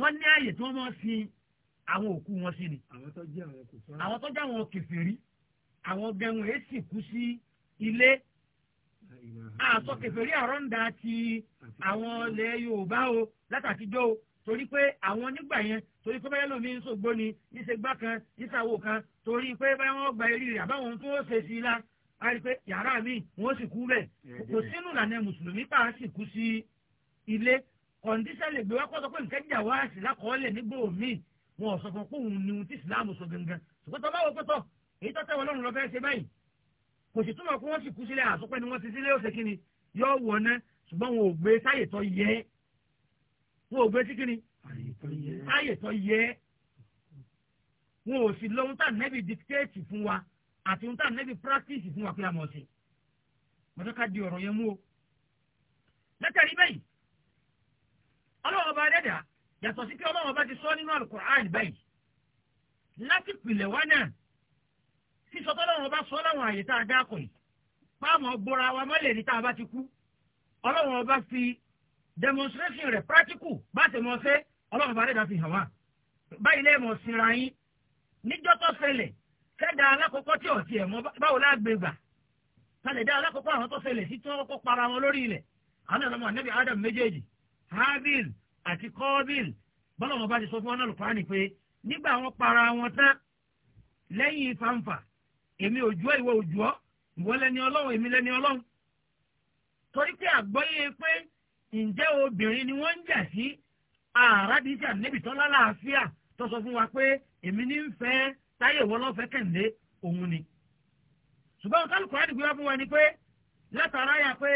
wọ́n ní ààyè tí wọ́n máa fi àwọn òkú wọn sí ni. àwọn tó jẹ́ àwọn kòfẹ́rí. àwọn tó jẹ́ àwọn kèfèrí àwọn gẹ̀wọ̀n èé sì kú sí ilé. àtọ kèfèrí àrọ́ǹda ti àwọn ilẹ̀ Yorùbá o látàtijọ́ o torí pé àwọn nígbà yẹn torí pé báyọ̀ lómi ń sògbó ni níṣe gbá kan níṣàwò kan torí pé báyọ̀ wọ́n gba eré rẹ̀ àbáwọn tó ń ṣe sí i la a rí i pé yàrá mi wọ́n sì kú bẹ́ẹ̀ kò sínú ìlànà mùsùlùmí pàṣẹ kú sí ilé kọ̀ǹdíṣà lè gbé wá kó sọ pé nǹkan jà wá sí lákọọ́lẹ̀ nígbò míì wọn ò sọ fún kóhun ni ohun tí ìsìláàmù sọ gangan ṣùgbọ́n tó bá wọ pẹ́tọ̀ èyí tó tẹ̀wọ́ lọ́rùn lọ fẹ́ ṣe báyìí kò sì túmọ̀ pé wọ́n sì kú sílẹ̀ àsọpẹ́ ni wọ́n ti sílé ọ̀sẹ̀ kínni yọ wọ̀ ná ṣùgbọ́n wọn ò gbé sáyè tó yẹ wọn ò gbé sí kínni sáyè tó yẹ wọn ò sì lọ ohun tá nẹ́bi dictate fún wa àti ohun tá nẹ́bi practice fún wa pé a mọ̀ sí mọ̀tọ́ká di ọ̀rọ̀ yẹn mú o lẹ́tàrí bẹ́yìí ọlọ́wọ́ bá dẹ́dà yàtọ̀ sí pé ọlọ́wọ́ ti sọ nínú alukur'an báyìí láti pìlẹ̀ wá náà sísọ tọ́lọ́wọ́ bá sọ láwọn àyè tá a dá kọ̀ yìí páàmù wa mọ́lẹ̀ ní tá ti kú ọlọ́wọ́ ọba fi demonstration rẹ̀ practical bá ti mọ̀ ṣe ọlọ́wọ́ fi hàn wá báyìí mọ̀ yín níjọ́ tó ṣẹlẹ̀ alákọ̀ọ́kọ́ tí mọ́ báwo habil àti kọ́bìl bọ́lá wọn bá ti sọ fún wọn náà lùkọ́ àná pé nígbà wọn para wọn tán lẹ́yìn fanfa èmi òjú ọ̀ ìwọ òjú ọ̀ ìwọ lẹ́ni ọlọ́run èmi lẹ́ni ọlọ́run torí pé àgbọ́yé pé ǹjẹ́ obìnrin ni wọ́n ń jà sí àràdíjà níbi tán lálàáfíà tó sọ fún wa pé èmi ní ń fẹ́ táyé ìwọ lọ́fẹ́ kẹ̀ǹdé òun ni ṣùgbọ́n kálukú àdìgbò wá fún wa ni pé látara yà pé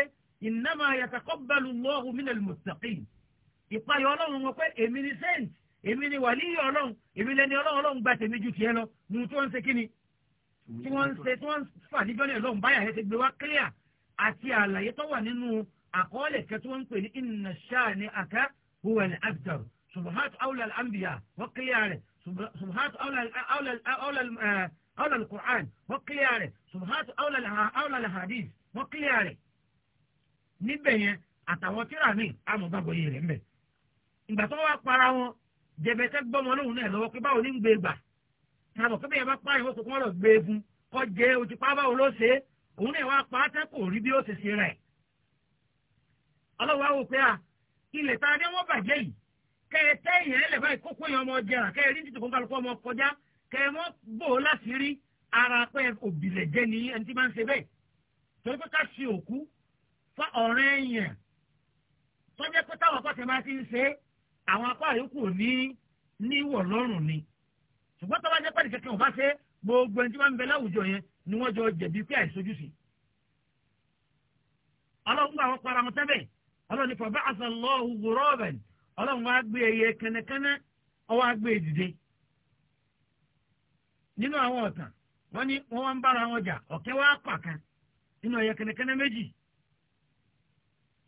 ìnáma yàtàkọ́bàlù lọ́hùn mí lẹ́nu mùsàkì ìpayọ̀ ọlọ́run wọn pé èmi ni saint èmi ni wàlíyì ọlọ́run èmi lẹni ọlọ́run ọlọ́run gba tèmi ju tiẹ̀ lọ nù tí wọ́n ń ṣe kíni tí wọ́n ń ṣe tí wọ́n ń fà níjọ́ ní ọlọ́run báyà ẹ̀ṣẹ̀ gbé wá clear àti àlàyé tó wà nínú àkọọ́lẹ̀ kẹ́ tí wọ́n ń pè ní inna shani aka huwa ni abdar subahat awla al-anbiya wọ́n clear rẹ̀ subahat eh, awla al-qur'an wọ́n clear rẹ̀ subahat awla al-hadith wọ́n clear rẹ̀ níbẹ̀ yẹn àtàwọn tíra mi àmọ́ bàbọ̀ yìí rẹ̀ ń bẹ̀. ìgbà tó wá para wọn jẹ̀bẹ̀tẹ̀ gbọ́mọ lóhùn náà lọ́wọ́ pé báwo ní gbé e gbà àbọ̀ pé bẹ́ẹ̀ bá pa ìwé kòkó lọ gbé egun kọ́ jẹ ojú pa báwo ló ṣe òun náà wá pa á tẹ́ kò rí bí ó ṣe ṣe rẹ̀. ọlọ́wọ́ àwòpẹ́ à ilẹ̀ tá a dé wọ́n bàjẹ́ yìí kẹ́ ẹ tẹ́ ìyẹn lẹ̀ báyìí kókó yẹn ọmọ jẹrà fa ọ̀rẹ́ èèyàn tó jẹ́ pé táwọn akọ́ṣẹ́ máa ti ń ṣe àwọn ní níwọ̀ lọ́rùn ni ṣùgbọ́n tó bá jẹ́ gbogbo ẹni tí wọ́n ń bẹ láwùjọ yẹn ni wọ́n jọ jẹ̀bi pé sí. ọlọ́run gba àwọn wọn ọlọ́run ní ọlọ́run wá gbé ẹyẹ ọwọ́ nínú àwọn ọ̀tàn wọ́n ní wọ́n wá ń bára wọn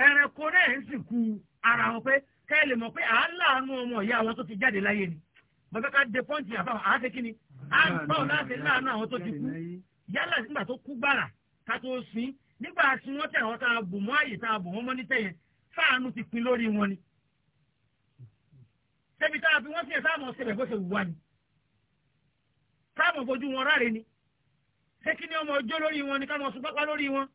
ẹranko náà ń sìnkú ara wọn pé kẹ́lẹ̀ mọ̀ pé àáláàánú ọmọ ìyá àwọn tó ti jáde láyé ni bàbá ká de pọ́ǹtì àbáwọn àá ṣe kí ni à ń bọ̀ láti láàánú àwọn tó ti kú yálà nígbà tó kú gbàrà ká tó sin nígbà tí wọ́n tẹ̀ àwọn tá a bù mọ́ àyè tá a bù wọ́n mọ́ ní tẹ̀yẹn fáànù ti pin lórí wọn ni ṣebí tá a fi wọ́n tiẹ̀ sáàmù ọ̀sẹ̀ rẹ̀ bó ṣe wù wá ni sáàmù fojú wọn ráre ni ṣé kí ni ọmọ ọjọ́ lórí wọn ni ká mọ̀ sùn pápá lórí wọn.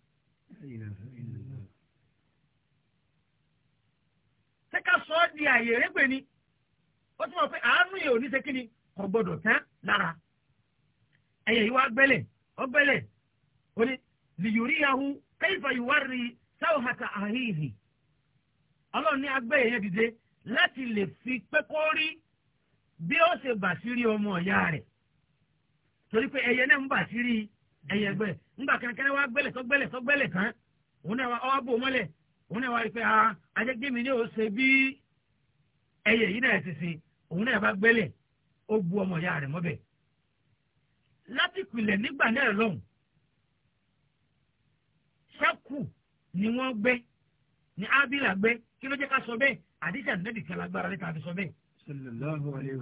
ṣé ká sọ di àyè régbè ni ó tún mọ̀ pé àánú yìí ò ní ṣe ni kò gbọdọ̀ tán lára ẹ̀yẹ̀ yìí wá gbẹ́lẹ̀ ó gbẹ́lẹ̀ ó ní lìyórí yahu kẹ́yìfà yìí wá rí àhìhì ọlọ́run ní fi pẹ́kọ́ rí bí ó ṣe ọmọ ọ̀yá rẹ̀ torí pé ẹyẹ náà ń bàṣírí ẹyẹ gbẹ mba kẹrẹkẹrẹ wá gbẹ́lẹ̀ tó gbẹ́lẹ̀ kan òun náà wá ọwọ́ òun náà wá rí pé a ajẹ́gbẹ́mi ni ó ṣe bí ẹyẹ yìí náà ti sin òun náà bá gbẹ́lẹ̀ ó bu ọmọ ìyá rẹ̀ mọ́bẹ̀ láti pìlẹ̀ nígbà náà lọ́hùn ṣákù ni wọ́n gbẹ́ ni ábílà gbẹ́ kí ló jẹ́ ká sọ bẹ́ẹ̀ àdìsí ànẹ́bì kan lágbára níta àfi sọ bẹ́ẹ̀. sallallahu alayhi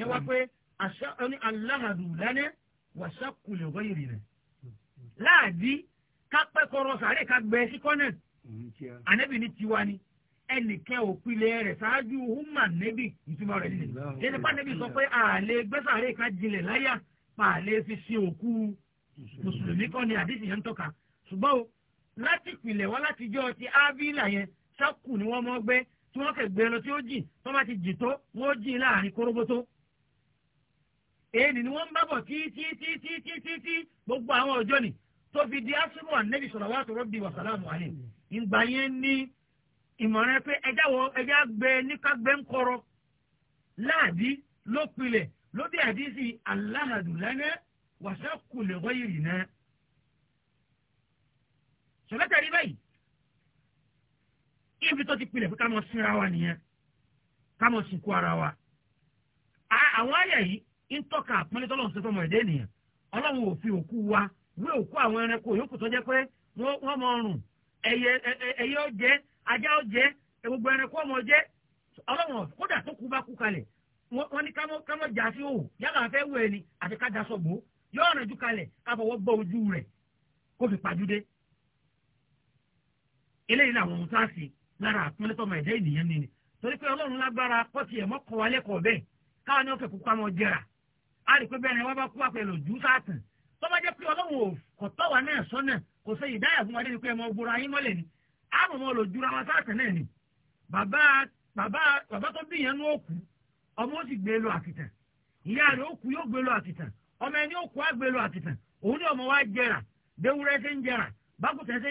yẹn wá pé àṣà ọ̀ni aláhàdùn lánàá wàṣà kùlẹ̀ wáyé rẹ̀ láàdí kápẹ́ kọ̀rọ̀ sàárè ká gbẹ sí kọ́nẹ̀ ànẹ́bì ní tiwa ni ẹnìkẹ́ òpìlẹ̀ rẹ̀ ṣáájú húmà nẹ́bì ìtumọ̀ rẹ̀ sí ẹni pa nẹ́bì sọ pé àlè gbé sàárè ká jinlẹ̀ láyà pa àlè fi sin òkú mùsùlùmí kọ́ ni àdìsí yẹn ń tọ́ka ṣùgbọ́n o láti pìlẹ̀ wá láti jọ́ ti ábílà yẹn ṣákù ni wọ́n mọ́ gbé tí wọ́n kẹ̀ gbé lọ tí ó jìn tó bá ti jì tó wọ́n jìn láàrin kóróbótó èyí ni wọ́n ń bábọ̀ tí tí tí tí tí tí gbogbo àwọn ọjọ́ ni tó fi di asúnú ànẹ́bí salawatu rabbi wa salamu alayhi ìgbà yẹn ní ìmọ̀ràn pé ẹja wọ ẹja gbẹ níkàgbẹ́ ńkọrọ láàdí ló pilẹ̀ lóde àdísì aláhàdù lánàá wàṣà kulè wáyìrì náà. sọlẹ́tà rí báyìí ibi tó ti pilẹ̀ pé ká mọ̀ sínra wa nìyẹn ká mọ̀ sìnkú ara wa. àwọn àyà yìí ń tọ́ka àpọ́nlẹ́tọ́lọ́sọ fọmọ ẹ̀dẹ́ nìyẹn ọlọ́run ò fi òkú wa wé òkú àwọn ẹranko yòókù tó jẹ́ pé wọ́n mọ ọrùn ẹyẹ ọjẹ́ ajá ọjẹ́ gbogbo ẹranko ọmọ ọjẹ́ ọlọ́wọ̀n kódà tó kú bá kú jà sí òwò yálà ni àti ká daṣọ gbó yọ káfọwọ́ gbọ́ ojú kó fi eléyìí làwọn ohun tá a sì lára àpọ́nlé tọmọ ẹ̀dá ènìyàn nínú torí pé ọlọ́run lágbára ẹ̀mọ́ kọ́ tọ́ba jẹ́ pé ọlọ́run ò kò tọ́ wa náà sọ́nà kò fẹ́ ìdáyà fún wa débi pé ẹ mọ gbóra yín mọ́lẹ̀ ni àmọ́ mọ́ lò jura wọn sáàtẹ̀ náà ni bàbá bàbá bàbá tó bí yẹn ní òkú ọmọ ó sì gbé lọ àtìtàn ìyá rẹ̀ òkú yóò gbé lọ àtìtàn ọmọ ẹni òkú á gbé lọ àtìtàn òun ni ọmọ wa ṣe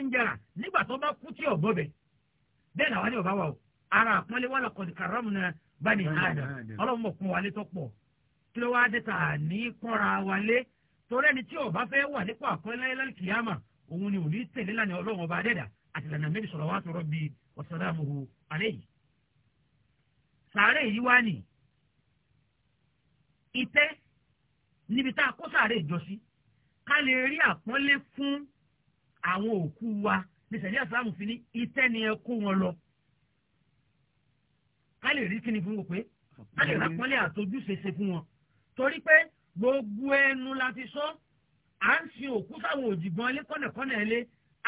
ń ṣe ń nígbà tó bá kú tí bẹ́ẹ̀ làwọn torí ẹni tí ó bá fẹ́ wà nípò àkọọ́lẹ̀ lálùkìyàmà òun ni òní tẹ̀lé lánàá ọlọ́run ọba adẹ́dà àti lànà méjì sọ̀rọ̀ wá sọ̀rọ̀ bíi ọ̀sọ̀dàmùhù alẹ́ yìí. sàárè yìí wá nì ìtẹ́ níbi tá a kó sàárè jọ sí ká lè rí àpọ́nlé fún àwọn òkú wa ní sẹ̀lẹ́ àsàlámù fi ní ìtẹ́ ni ẹ kó wọn lọ. ká lè rí kíni fún wọn pé ká lè rápọ́nlé àtọ́jú ṣeṣe fún wọn torí pé gbogbo ẹnu la fi sọ à ń sin òkú sáwọn òjìgbọn ilé kọ́nẹ̀kọ́nẹ̀ ilé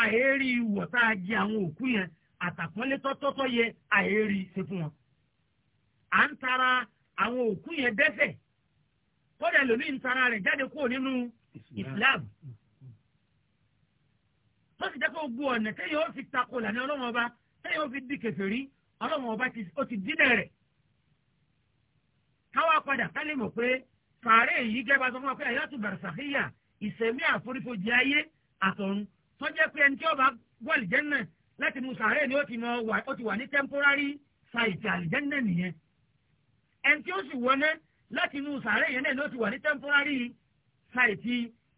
àhérí ìwọ̀ tá a jẹ àwọn òkú yẹn àtàpọ́nlé tọ́tọ́tọ́ yẹ àhérí ṣe fún wọn. à ń tara àwọn òkú yẹn dẹ́ṣẹ̀ kọ́dà lómi ń tara rẹ̀ jáde kúrò nínú Islam. tó sì dẹ́kun gbogbo ọ̀nà tẹ́yìn ó fi takò lànà ọlọ́run ọba tẹ́yìn ó fi di kèfèrí ọlọ́run ọba ó ti dídẹ̀ rẹ̀. káwá padà ká lè mọ̀ pé sàárè yìí gẹ́gbà tó fún wa pé àyàtú bàrẹ̀sàkíyà ìsẹ̀mí àforífojì ayé àtọ̀run tó jẹ́ pé ẹni tí ó bá wà lìjẹ́nà láti mu sàárè ni ó ti mọ ó ti wà ní temporary site àlìjẹ́nà nìyẹn ẹni tí ó sì wọná láti mu sàárè yẹn náà ni ti wà ní temporary site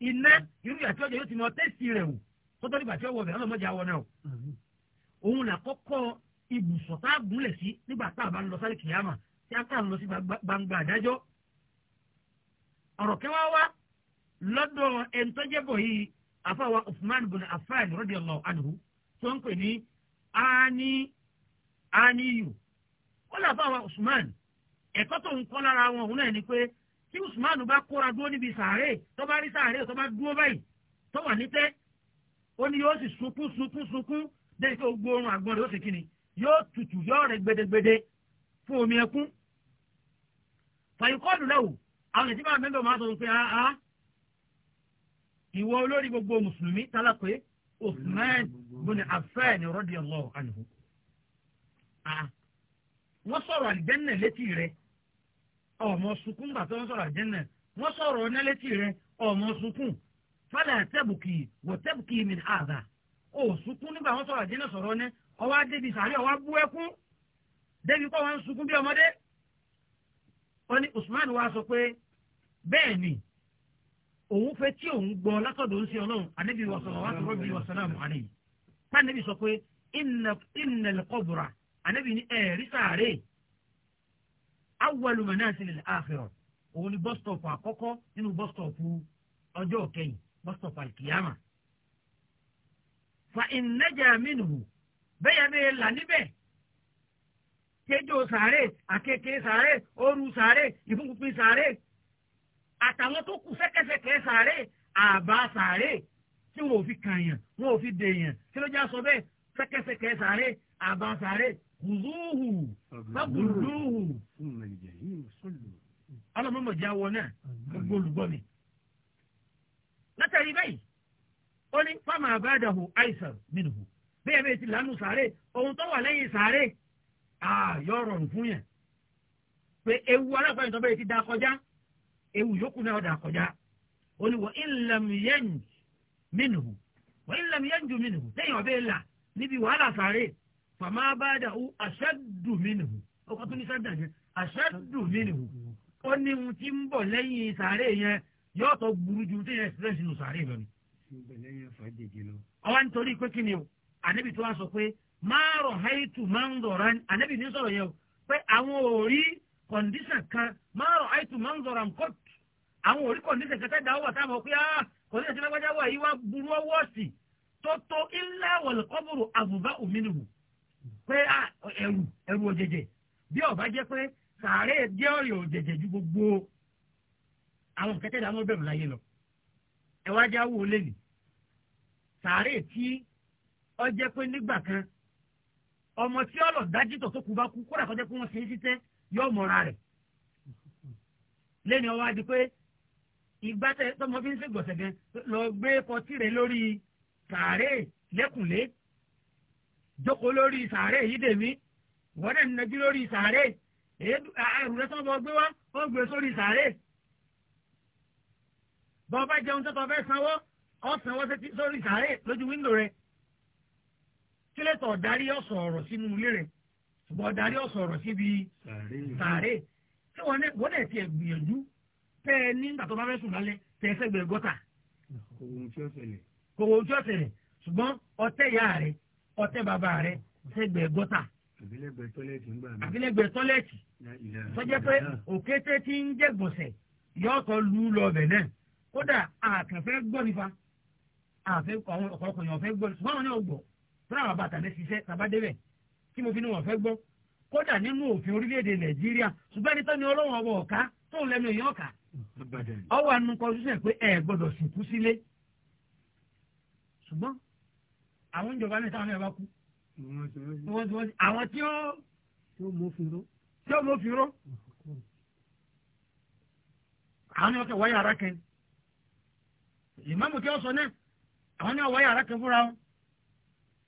iná irú ìyàtí ọjà yóò ti mọ tẹ́sì rẹ̀ wò tó tọ́ nígbà tí ó wọ bẹ̀rẹ̀ ọlọ́mọdé àwọn náà òun là kọ́kọ́ ibùsọ̀ tá a gúnlẹ̀ sí ọ̀rọ̀ kí wọ́n wá lọ́dọ̀ ẹ̀ńtọ́jẹ́bọ̀ yìí afáwa Uthman bin Affan radiyallahu anhu tó ń pè ní ani aniyu wọ́n lè afáwa Uthman ẹ̀kọ́ tó ń kọ́ lára wọn òun náà ni pé tí Uthman bá kóra dúró níbi sàárè tó bá rí sàárè tó bá dúró báyìí tó wà ní tẹ́ ó ní yóò sì sunkún sunkún sunkún déyìí tó gbó orun àgbọn rẹ̀ ó sì kíni yóò tutù yóò rẹ̀ gbedegbede fún omi ẹkún fàyíkọ́dù lẹ́wọ̀ àwọn ìdí máa mẹ́bẹ̀ máa sọ pé àá ah, ah, ìwọ olórí gbogbo mùsùlùmí tálákùé Uthman bin Affan radiyallahu anhu. Ah, wọ́n sọ̀rọ̀ àlìjẹ́nà létí rẹ̀ ọmọ sunkún gbà tó ń sọ̀rọ̀ àlìjẹ́nà wọ́n sọ̀rọ̀ ọ̀nà létí rẹ̀ ọmọ sunkún fala tẹ́bùkì wọ̀ tẹ́bùkì min hadha ó sunkún nígbà wọ́n sọ̀rọ̀ àlìjẹ́nà sọ̀rọ̀ ọ̀nà ọwọ́ adébi sàárẹ̀ ọwọ́ abú ẹkún débi kọ́ wọn sunkún bí ọmọdé ó ní Usman wa sọ pé bẹ́ẹ̀ ni òun fẹ́ tí òun gbọ́ látọ̀dọ̀ ń ṣe ọlọ́run ànábì wa salawatu rabbi wa salamu alayhi tánàbì sọ pé innal qabra ànábì ní ẹ̀ẹ́rí sàárè awwalu manasilil akhirah òun ni bọ́sítọ̀pù àkọ́kọ́ nínú bọ́sítọ̀pù ọjọ́ kẹyìn bọ́sítọ̀pù àlìkìyàmà fa ìnẹ́jà mínú bẹ́yà bẹ́ẹ̀ là níbẹ̀ kéjò sàárè akéèké sàárè ooru sàárè ìfúnkùpín sàárè àtàwọn tó kù sẹ́kẹ́sẹ̀kẹ́ sàárè àbá sàárè tí wọn ò fi kàyàn wọn ò fi dèèyàn kí ló jẹ́ sọ bẹ́ẹ̀ sẹ́kẹ́sẹ̀kẹ́ sàárè àbá sàárè kùzúhù fagùdúhù. ọlọ́mọ̀mọ̀ jẹ́ awọ náà gbogbo olùgbọ́ mi. látàrí báyìí ó ní fáwọn àbáàdàhù àìsàn nínú bẹ́ẹ̀ bẹ́ẹ̀ ti lánàá sàárè ohun tó wà lẹ́yìn sàárè yọ rọrùn fún yẹn pé ewu alágbàáyé tó bẹ́ẹ̀ ti da kọjá ewu yòókù náà dà kọjá ó ní wọ ìlàmìyẹn mìnìhù wọ ìlàmìyẹnjù mìnìhù téèyàn bẹ́ẹ̀ là níbi wàhálà sáré fàmà bàdà ó àṣàdù mìnìhù ọkọ tó ní sàdà yẹn àṣàdù mìnìhù ó ní ohun tí ń bọ̀ lẹ́yìn sáré yẹn yóò tó burú ju téèyàn ṣẹlẹ̀ sínú sáré lọ ni. ọwọ́ nítorí pé kí ni o ànábì tó wá sọ pé máa rọ̀ máa ń dọ̀ra ànábì ní sọ̀rọ̀ yẹn o pé àwọn ò rí kan máa rọ̀ máa ń dọ̀ra àwọn orí kọ̀ǹdíṣẹ̀ kẹtẹ́ dá wà táwọn pé áá kọ̀ǹdíṣẹ̀ tí lágbájá wà yìí wá burú ọwọ́ sí tó tó ilé àwọ̀lẹ̀ kọ́bùrù àbùbá òmìnirù pé ah, ẹrù ẹrù òjèjè bí ọba jẹ pé sàárè jẹ́ ọ̀rẹ́ òjèjè ju gbogbo àwọn kẹtẹ́ dá wọn bẹ̀rù láyé lọ ẹ wá já wò lé ní sàárè tí ọ jẹ́ pé nígbà kan ọmọ tí ọlọ dájítọ tó kú bá kú kó ìgbà tọmọ fi ń ṣe gbọ̀sẹ̀ gan lọ gbé kọtí rẹ lórí sàárè lẹ́kùnlé jókòó lórí sàárè yìí dèmí ìwọ́dẹ̀ nínú lórí sàárè ẹ̀rù rẹ sọ́mọ́ bọ́ gbé wá ó gbé sórí sàárè bọ́ bá jẹun tó tọ́ fẹ́ sanwó ọ sanwó sórí sàárè lójú wíńdò rẹ kílẹ̀tọ̀ darí ọ̀sọ̀ ọ̀rọ̀ sínú ilé rẹ̀ ṣùgbọ́n darí ọ̀sọ̀ ọ̀rọ̀ síbi sàárè tí wọ́n dẹ̀ tiẹ̀ gbìyànjú tẹ́ ẹ ní nígbà tó bá fẹ́ sùn lálẹ́ tẹ́ ẹ sẹ́gbẹ̀ẹ́ gọ́tà. kòwòrán tí ó ṣẹlẹ̀. kòwòrán tí ó ṣẹlẹ̀ ṣùgbọ́n ọtẹ́ ìyá rẹ ọtẹ́ bàbá rẹ sẹ́gbẹ̀ẹ́ gọ́tà. àbílẹ̀gbẹ̀ tọ́lẹ̀tì ń gbà mí. àbílẹ̀gbẹ̀ tọ́lẹ̀tì. sọjẹ́ pé òkété tí ń jẹ̀gbọ̀sẹ̀ yọ̀ọ̀tọ̀ lù ú lọ́ọ̀bẹ̀ náà kódà àkànfẹ́ gbọ́ nípa àfẹ́ àwọn ọ̀pọ̀lọpọ̀ èèyàn fẹ́ gbọ́ ṣùgbọ́n àwọn náà kódà nínú òfin orílẹ̀-èdè nàìjíríà ṣùgbọ́n ẹni tó ní ọlọ́run ọba ọ̀ká tóun lẹ́nu èèyàn ọ̀ká ọwọ́ anukọ ṣiṣẹ́ pé ẹ gbọ́dọ̀ sìnkú sílé ṣùgbọ́n àwọn ìjọba ní táwọn ẹ̀ bá kú àwọn tí ó tí ó mú fìró àwọn ni wọ́n kẹ́ wáyà ara kẹ́ ìmáàmù tí ó sọ náà àwọn ni wọ́n wáyà ara kẹ́ fúnra wọn.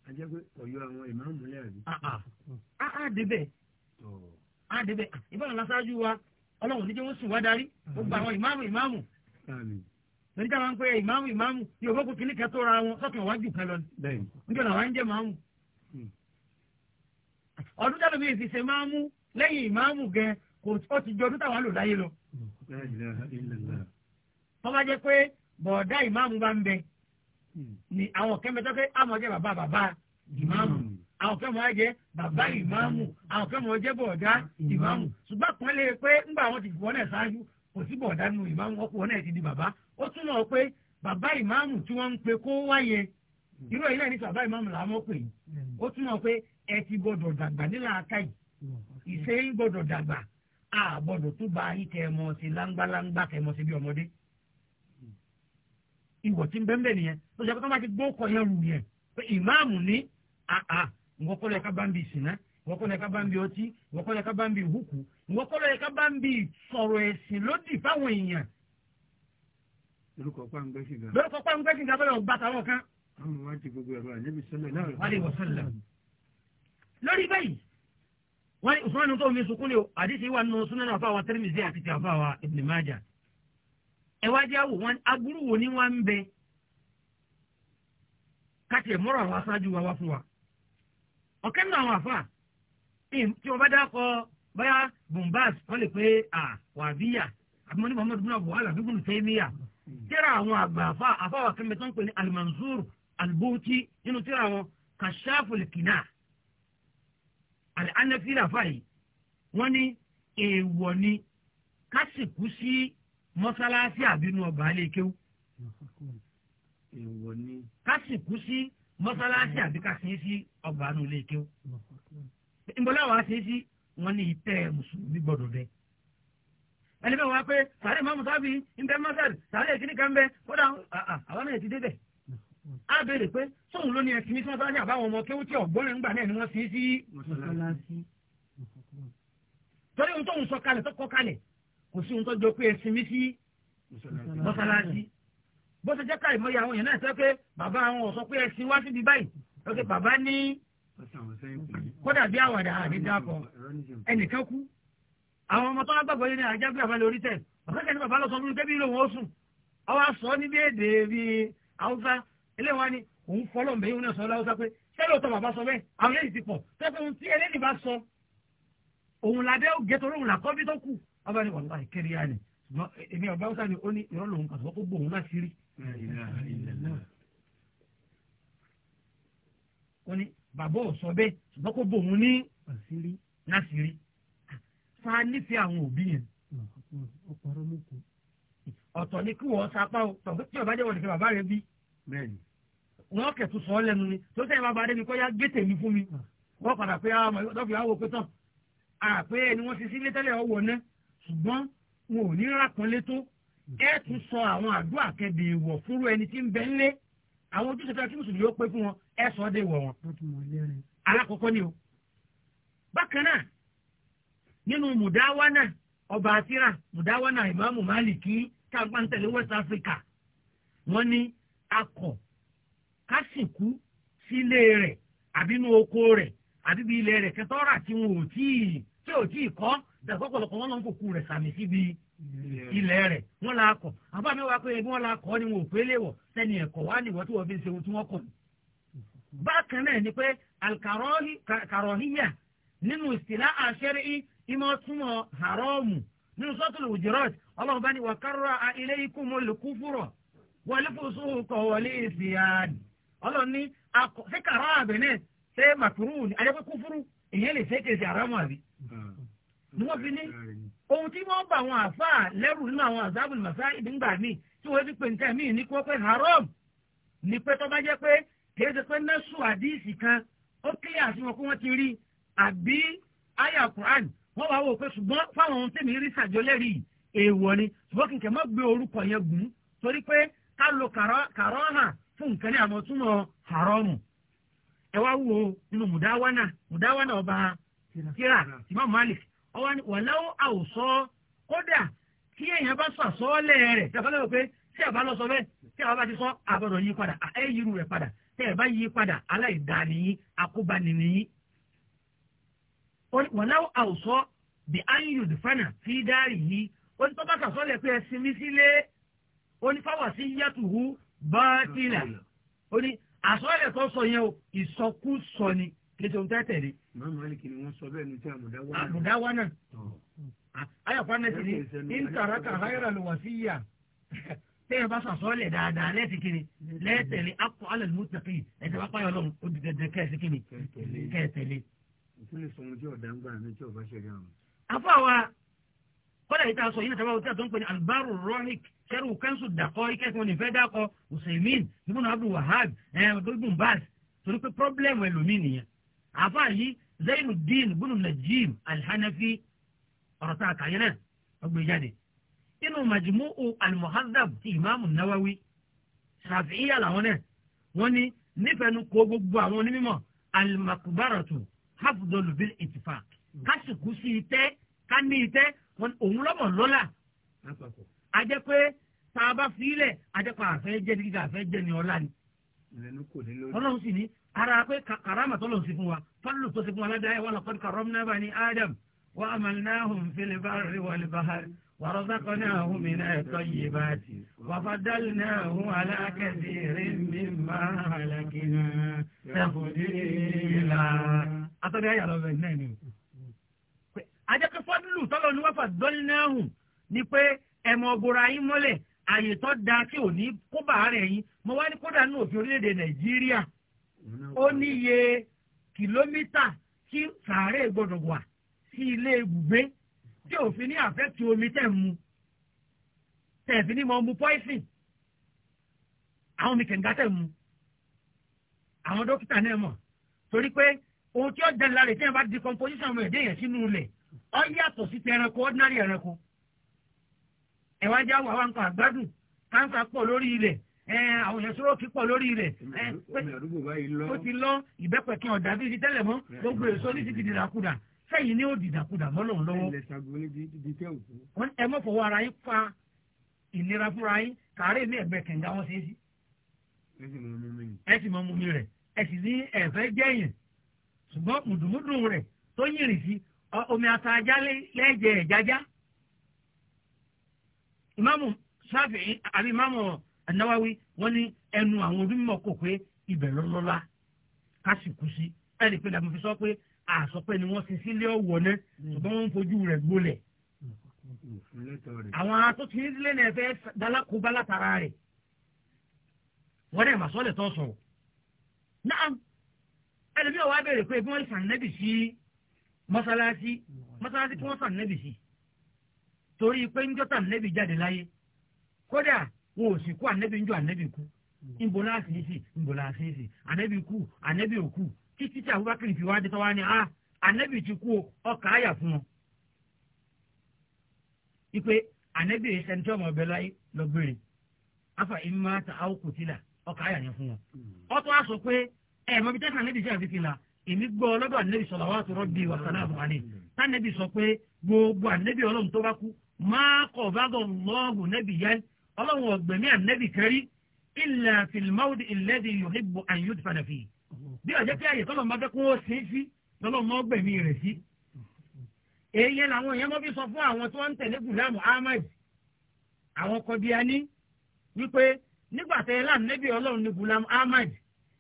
a jẹ́ pé ọ̀yọ́ àwọn ìmáàmù lẹ́yìn. a a débẹ̀ a ah, débẹ̀ ah, ìbára lásáájú wa. ọlọ́run níjẹ́ wọ́n sùn wá darí gbogbo àwọn ìmáàmù ìmáàmù lórí táwọn ń pè é ìmáàmù ìmáàmù yóò fọ́ kó kínní tó ra wọn sọ́kàn wájú kan lọ ní níjọ́ làwọn ń jẹ́ máàmù. ọdún táwọn mi fi ṣe máàmù lẹ́yìn ìmáàmù gan kò ó ti jọ ọdún táwọn láyé lọ. wọ́n bá jẹ́ pé bọ̀ọ̀dá ìmáàmù bá ń hmm. àwọn kan máa jẹ bàbá ìmáàmù àwọn kan máa jẹ bọ̀ọ̀dá ìmáàmù ṣùgbọ́n kan lè pé ńgbà wọn ti wọ́n náà ṣáájú kò sí bọ̀ọ̀dá nínú ìmáàmù ọkùnrin náà ti di bàbá ó túmọ̀ pé bàbá ìmáàmù tí wọ́n ń pe kó wáyé irú ẹ̀yin náà ní bàbá ìmáàmù làwọn mọ̀ pé ó túmọ̀ pé ẹ ti gbọdọ̀ dàgbà nílà aka yìí ìṣe ń gbọdọ̀ a tó ba ayé tẹ ngokolo yɛ ka ban bi sinna ngokolo yɛ ka ban bi ngokolo yɛ ka ban huku ngokolo yɛ ka ban bi sọ̀rọ̀ ẹ̀sìn lódì fáwọn èèyàn. lórúkọ pàǹgbẹ́ sìgá. lórúkọ pàǹgbẹ́ sìgá bẹ́ẹ̀ ọgbà táwọn kan. àwọn wa ti gbogbo ẹ̀rọ àlẹ́bí sẹ́lẹ̀ náà. wàlẹ̀ wọ̀sẹ̀lẹ̀. lórí báyìí wọ́n ní usman tó mi sunkún ní o àdìsí wa nù sunan afa wa Tirmidhi àti ti afa wa Ibn Majah. ẹ wá jẹ́ àwò wọn agbúrú wo ni wọ́n ń bẹ káti mọ́rọ̀ àwọn aṣáájú wa wá fún wa ọ̀kẹ́ nínú àwọn àfà tí wọ́n bá dákọ̀ báyà bombas wọ́n lè pé à wàbíyà àbímọ́ni muhammadu bin abu ala bíbùn tẹ́míyà tíra àwọn àgbà àfà àfà wà kẹ́mi tó ń pè ní alimansur albuti nínú tíra àwọn kashaful kina alẹ́fíìlà àfà yìí wọ́n ní èèwọ̀ ni kásìkú sí mọ́sálásí àbínú ọgbà alẹ́ kéwú. èèwọ̀ ni. kásìkú sí mọ́sálásí àbí ká ṣe é sí ọgbà àánú ilé kéw. ìmọ̀lá wa ṣe é sí wọn ní ìtẹ́ mùsùlùmí gbọ́dọ̀ bẹ́ẹ̀ ẹni bẹ́ẹ̀ wá pé sàárẹ̀ mọ́mú sábì ńbẹ́ mọ́sàdì sàárẹ̀ ìkíní kan bẹ́ẹ̀ kódà àwọn náà ti débẹ̀. a béèrè pé sóun ló ní ẹsìn ní sọ́sọ́ ní àbáwọn ọmọ kéwú tí ọ̀gbọ́n ń gbà náà ni wọ́n sin sí. torí ohun tóun sọ kalẹ̀ tó kọ bó ṣe jẹ́ káì mọ́yà àwọn èèyàn náà sọ pé bàbá àwọn ò sọ pé ẹ̀sìn wá síbi báyìí sọ pé bàbá ní kódà bí àwàdà àdídàpọ̀ ẹnìkan kú àwọn ọmọ tó wá gbàgbọ́ yẹn ní àjágbé àbá lórí tẹ̀ bàbá kẹ́ni bàbá lọ sọ fún mi kébí lòun ó sùn ọwọ́ sọ ní èdè bí haúsá eléwà ni òun fọlọ́ mbẹ́ yìí sọ láwùsá pé sẹ́lẹ̀ ọ̀tọ̀ bàbá sọ bẹ́ẹ̀ àwọn eléyìí ti pọ̀ sẹ́kọ̀ tí eléyìí bá sọ òun làdẹ́ ògẹ́ torí òun làkọ́ bí tó kù ọba ni wàlúwà kẹ́ríyà ni èmi ọba haúsá ni ó ní ìrọ́lùmọ́ ó ní bàbá ò sọ bẹ́ẹ̀ ṣùgbọ́n kó bòun ní násìrí fa nífẹ̀ẹ́ àwọn òbí yẹn ọ̀tọ̀ ni kí wọ́n sapá o tí ọba jẹ́wọ́ nìkan bàbá rẹ bí wọ́n kẹ̀tù sọ ọ́ lẹ́nu ni tó sẹ́yìn bàbá rẹ mi kọ́ ya gé tèmi fún mi ah. wọ́n padà pé àwọn ah, ọmọ ìdọ́fì àwọn òpé tán àpé ẹni wọ́n ti sílé tẹ́lẹ̀ ọwọ́ náà ṣùgbọ́n wọn ò ní rákànlé tó ẹ tún sọ àwọn àdúrà kẹbi ìwọ fúru ẹni tí ń bẹ àwọn ojúṣe fẹ kí mùsùlùmí ó pé fún wọn ẹ sọ ọ dé wọn. alákọ̀ọ́kọ́ ni o bákan nínú mùdáwánà ọba àtìrà mùdáwánà ìmáàmù máàlìkì West Africa wọ́n ní akọ̀ kásìkú sílé rẹ̀ àbínú oko rẹ̀ àbíbi ilẹ̀ rẹ̀ tí wọn ò tíì dàgbọ́pọ̀lọpọ̀ wọn náà ń kó kú rẹ̀ sàmì síbi ilẹ̀ rẹ̀ wọn là á kọ̀ àbá mi wá pé ebi wọn là á kọ́ ni wọn ò pé léwọ̀ sẹ́ni ẹ̀kọ́ wá nìwọ́ tí wọ́n fi ń ṣe ohun tí wọ́n kọ̀ ni. bákan náà ni pé alkarọ́híyà nínú ìsìlá àṣẹrí ìmọ̀ túmọ̀ haramu nínú sọ́tún lùjírọ́t ọlọ́run bá ní wà kárọ̀ ilé ikú mo lè fúrọ̀ wọlé fòsù kọ̀ wọlé ìsìyàn ni wọ́n fi ní ohun tí wọ́n bá àwọn àfáà lẹ́rù nínú àwọn àzábùn màsá ìdíngbà mi tí wọ́n ti pè nǹkan míì ní kó pé haram ni pé tó bá jẹ́ pé kìí ṣe pé nẹ́sù àdíìsì kan ó kílẹ̀ àti wọn kó wọ́n ti rí àbí àyà Quran wọ́n wá wò pé ṣùgbọ́n fáwọn ohun tèmi rí sàjọlẹ́rì èèwọ̀ ni ṣùgbọ́n kìkẹ́ mọ́ gbé orúkọ yẹn gùn torí pé ká lo kàrọ́ọ̀nà fún nǹkan ní àmọ́ túnmọ̀ haramu ẹ wá wo nínú mùdáwánà mùdáwánà ọba tìrà tìmọ̀ Malik ọwọ́ ni wàláwọ́ àwòsọ kódà kí èèyàn bá sọ àsọ́ọ́lẹ̀ rẹ̀ tẹ̀fọ́lẹ́ wò pé tí a bá lọ sọ bẹ́ẹ̀ tí a bá ti sọ àbọ̀dọ̀ yí padà ẹ yírù rẹ̀ padà tẹ́ ẹ bá yí padà aláìdáníyí akóbanìníyí. wàláwọ́ àwòsọ bí ayélujára fana fi dárì yìí ó ní tọ́ka sàsọ́lẹ̀ pé ẹ sinmi sílé ó ní fáwọn sí yàtùhù bá tìlà ó ní àsọ́lẹ̀ tó sọ yẹn o ìsọkúsọ ni kí ṣe ń tẹ́ tẹ̀lé. màá Málíkì ni wọ́n sọ bẹ́ẹ̀ ní ti àmùdáwá náà. àmùdáwá náà. ayọ̀pá nẹ́sì ni ìntàràkà hayra lùwàsíyà tẹ́yẹ bá sàsọ́ọ̀lẹ̀ dáadáa lẹ́ẹ̀sì kìíní lẹ́ẹ̀tẹ̀lé akọ alẹ́ mùtàkì ẹ̀jẹ̀ bá pààyàn lọ́run ó di dandan kẹ́ẹ̀sì kìíní kẹ́ẹ̀tẹ̀lé. ìfúnni sọ̀rọ̀ tí ọ̀dà ń gbà mí tí ọba ṣẹlẹ̀ àwọn. afọ àwa kọ́dà yìí tá a sọ yìí nàtàbà òtí àtúntò ní albaru rohik sẹ́rù kẹ́ńsù dàkọ́ àfa yìí Zainuddin bunu Najim al-Hanafi ọ̀rọ̀ tá a kà yẹn náà ọgbẹ́ jáde inú Majmu'u al-Muhadhab ti ìmáàmù Nawawi Shafi'iyya làwọn náà wọ́n ní nífẹ̀ẹ́nu kó gbogbo àwọn onímọ̀ al-maqbaratu hafdul bil ittifaq kásìkú sí itẹ́ ká ní itẹ́ òun lọ́mọ̀ lọ́la ajẹ́ pé tá a bá fi ilẹ̀ ajẹ́ pé àfẹ́ jẹ́ ní kíkà àfẹ́ jẹ́ ní ọ̀la ni ọlọ́run sì ní ara pé karama tó lọ sí fún wa fọlù tó sí fún wa ládàáyé wa laqad karramna bani adam wa amalnahum fil barri wal bahri wa razaqnahum minat tayyibati wa faddalnahum ala kathirin mimma halakna tafdila. atọ́ni ayé àlọ́ náà ni o. ajẹ́pẹ́ fọ́dúlù tọ́lọ́ ni wọ́n fà dọ́línáhùn ni pé ẹ̀mọ́ ọ̀gọ́rọ̀ ayé mọ́lẹ̀ àyè tó da tí ò ní kó bàárẹ̀ yín mo wá ní kódà ní òfin orílẹ̀-èdè nàìjíríà ó níye kìlómítà tí sàárè gbọdọ̀ wà sí ilé ibùgbé tí òfin ní àfẹ́tì omi tẹ̀ mu tẹ̀sí ní mo mu poison àwọn omi kẹ̀ǹgá tẹ̀ mu àwọn dókítà náà mọ̀ torí pé ohun tí ó jẹ́ lára ìtẹ́yìn bá decomposition ọmọ ẹ̀dẹ́ yẹn sínú ilẹ̀ ọ yàtọ̀ sí ti ẹranko ordinary ẹranko ẹ̀wájú àwọn àwọn nǹkan àgbádùn káńsà pọ̀ lórí ilẹ̀ àwọn èèyàn sọ̀rọ̀ kíkọ̀ lórí rẹ̀ ó ti lọ ìbẹ́pẹ̀ kí ọ̀dà bí ti tẹ́lẹ̀ mọ́ gbogbo èso ní ti ti dìdàkudà sẹ́yìn ni ó dìdàkudà mọ́ lòun lọ́wọ́. ẹ mọ̀ fọwọ́ ara yín pa ìnira fúnra yín kàárẹ̀ ní ẹ̀gbẹ́ kẹ̀ǹgà wọn ṣeé sí. ẹ sì mọ mumi rẹ̀ ẹ sì ní ẹ̀fẹ́ jẹ́yìn ṣùgbọ́n mùdùmùdù rẹ̀ tó yìnrìn sí omi ata ajá lẹ́jẹ̀ ìmáàmù sáfì àbí ìmáàmù anáwáwí wọ́n ní ẹnu àwọn onímọ̀ kò pé ibẹ̀ lọ́lọ́lá ká sì kú sí ẹnì pé làmú fi sọ pé àsọpẹ́ ni wọ́n ti sílé ọ̀wọ́ náà ṣùgbọ́n wọ́n ń fojú rẹ̀ gbolẹ̀ àwọn atókì nílé náà fẹ́ dalákóbá látara rẹ̀ wọ́n dẹ̀ màá sọ́lẹ̀ tó sọ̀rọ̀ náà ẹlẹ́bí ọ̀wá bèrè pé bí wọ́n sàn nẹ́bì sí mọ́sálásí mọ́sálásí kí wọ́n sàn nẹ́bì sí torí pé ń jọ́tà nẹ́bì jáde láyé kódà wọn ò sì kú ànẹ́bí ń jọ kú ńbọ hmm. láti ń sì ńbọ láti ń sì ànẹ́bí kú ànẹ́bí títí tí Abubakar fi wá ah ti kú ọkà fún ipe tí lọ afa ìmọ̀ ta àwọn kùtìlà ọkà àyà fún a hmm. pé ẹ̀ mọ̀ bí tẹ́sán ànẹ́bí sí àfikún la èmi gbọ́ lọ́dọ̀ sọ̀rọ̀ àbúrò sọ pé gbogbo ọlọ́run tó bá kú máa ọlọ́run ọ̀gbẹ̀mí ànẹ́bì kẹrí ilẹ̀ àfìlmáwòdì ìlẹ́dì yòhìbò àyùd fàdàfì bí ọ̀jẹ́ pé àyè tọ́lọ̀ máa fẹ́ kún ó sí sí tọ́lọ̀ máa gbẹ̀mí rẹ̀ sí. èyí làwọn èèyàn mọ́ fi sọ fún àwọn tó ń tẹ̀lé gùlámù ahmed àwọn kọbíaní wípé nígbà tẹ̀ lánàbí ọlọ́run ní gùlámù ahmed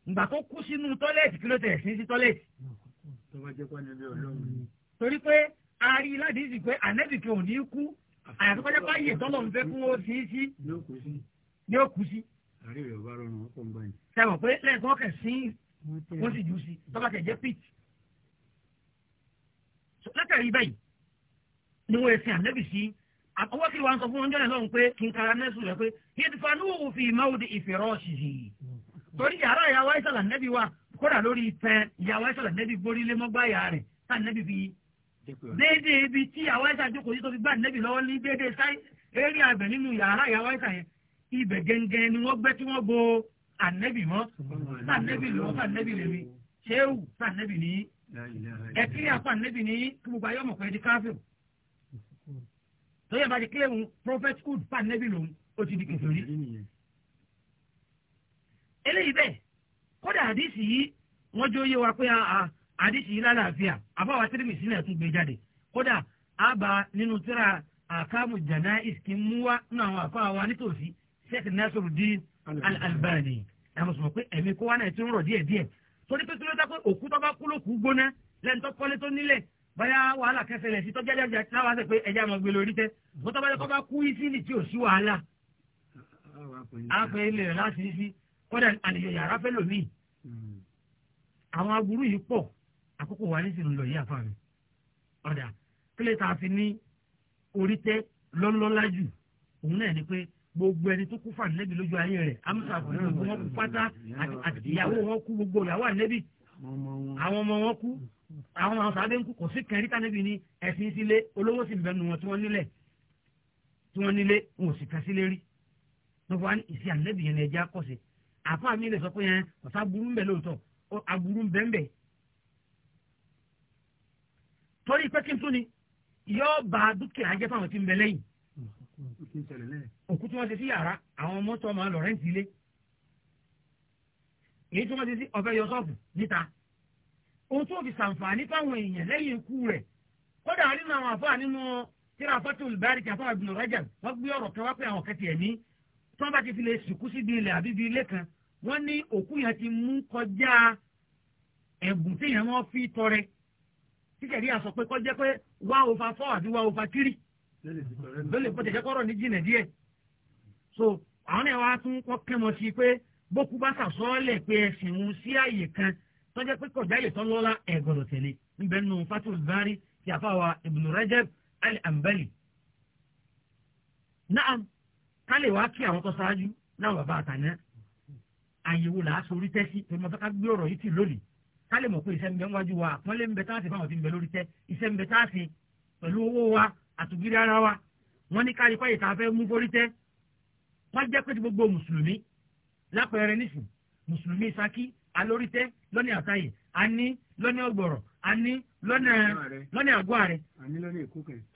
ìgbà tó kú sínú tọ́lẹ̀tì kí ló tẹ̀ sí sí torí pé àyàfi kọjá bá yè tọ́lọ̀ ń fẹ́ fún ó sí sí ní ó kú sí. sẹ́wọ̀n pé lẹ́ẹ̀kan kẹ̀ sí wọ́n sì jù sí tọ́ba kẹ̀ jẹ́ pit. látàrí báyìí ni wọ́n ẹ̀sìn ànábì sí ọwọ́ kí wọ́n sọ fún ọjọ́ náà pé kí n kara nẹ́sùn rẹ̀ pé yéèdùfà ní òun fi ìmáwòdì ìfẹ̀rọ̀ ṣìṣì torí yàrá ìyàwó àìsàn ànábì wa kódà lórí ìtẹ́ ìyàwó àìsàn ànábì gbórílé mọ́gbáyà rẹ̀ tá ànábì fi déédé ibi tí àwọn ẹ̀sà jókòó yìí tó fi gbà nẹ́bì lọ́wọ́ ní déédé sáì eré àbẹ̀ nínú yàrá ìyàwó ẹ̀sà yẹn ibẹ̀ gẹ́gẹ́ ni wọ́n gbẹ́ tí wọ́n bo ànẹ́bì mọ́ sànẹ́bì lọ́wọ́ sànẹ́bì lèmi ṣéwù sànẹ́bì ní ẹ̀kílẹ̀ àpá ànẹ́bì ní kí gbogbo ayé ọmọkùnrin di káfíù tó yẹ bá di kílẹ̀ mu prophet hood sànẹ́bì lòun ó ti di kìtòrí. eléyìí bẹ́ẹ̀ kódà àdìsí yìí wọ́n jó yé wa pé àà ah, ah, àdìsí yìí lálàáfíà àbáwá tírímìsì náà tún gbé jáde kódà àbá nínú tíra àkàmù jàná ìsìnkì mú wá nínú àwọn àfáà wa nítòsí sẹ́ẹ̀kì Nasiruddin Al-Albani àwọn sọ̀rọ̀ pé ẹ̀mí kó wá náà ti ń rọ̀ díẹ̀ díẹ̀ torí pé kílódé pé òkú tó bá kú ló kú gbóná lẹ́nu tó kọ́lé tó nílẹ̀ báyà wàhálà kẹsẹ̀lẹ̀ sí tọ́jà jáde láwa sẹ́ pé ẹja máa gbé lórí hmm. àwọn aburú yìí pọ̀ àkókò wa ní sì ń lọ yí àfa mi ọ̀dà kílẹ̀ tá a fi ní orí tẹ́ lọ́lọ́lá jù òun náà ni pé gbogbo ẹni tó kú fún ànẹ́bí lójú ayé rẹ̀ amúsà kò ní gbogbo wọn kú pátá àti ìyàwó wọn kú gbogbo ìyàwó ànẹ́bí àwọn ọmọ wọn kú àwọn àwọn sábẹ́ ń kú kò sí kẹrin tánẹ́bí ni ẹ̀sìn sílé olówó sì bẹnu wọn tí wọ́n nílẹ̀ tí wọ́n nílé wọn ò sì kà sílé rí lọ́wọ́ wọn ìsì ànẹ́bí torí pé kí n tún ni yóò ba dúkìá jẹ́ fáwọn tí ń bẹ lẹ́yìn òkú tí wọ́n ṣe sí yàrá àwọn ọmọ tó máa lọ rẹ́ǹtì ilé èyí tí wọ́n ṣe sí ọ̀fẹ́ yọ sọ́ọ̀bù níta ohun tó fi ṣàǹfààní fáwọn èèyàn lẹ́yìn ikú rẹ̀ kódà nínú àwọn àfáà nínú tíra fatul bari tí àfáà Ibn Rajab wọ́n gbé ọ̀rọ̀ kan wá pé àwọn kẹtì ẹ̀mí tí wọ́n bá ti fi lè sìnkú síbi ilẹ̀ àbí ibi ilé kan wọ́n ní òkú yẹn ti mú kọjá ẹ̀bùn tí yẹn wọ́n fi tọrẹ kíkẹ̀rí àsọ pé kọ́ jẹ́ pé one over four àbí one over three ló lè pọ̀jẹ̀jẹ́ kọ́rọ̀ ní jìnnà díẹ̀ so àwọn ẹ̀ wá tún kọ́ kẹ́mọ sí pé bókú bá sàsọ́ọ́lẹ̀ pé ẹ̀sìn òun sí àyè kan tó jẹ́ pé kọjá lè tọ́ lọ́la ẹ̀gbọ̀n tẹ̀lé níbẹ̀ nínú fatul bari ti àfàwà ibn rajab al-ambali náà ká lè wá kí àwọn tó ṣáájú náà bàbá àtàná ká lè mọ̀ pé iṣẹ́ ń bẹ wájú wa àpọ́nlé ń bẹ táàsì fáwọn tí ń bẹ lórí tẹ́ iṣẹ́ ń bẹ táàsì pẹ̀lú owó wa àtúgírí ara wa wọ́n ní kárí pẹ́yì tá a fẹ́ mú forí tẹ́ wọ́n jẹ́ pé ti gbogbo mùsùlùmí lápẹẹrẹ nísìn mùsùlùmí saki alórítẹ́ lọ́ní àtàyè àní lọ́ní ọgbọ̀rọ̀ àní lọ́ní àgọ́ àrẹ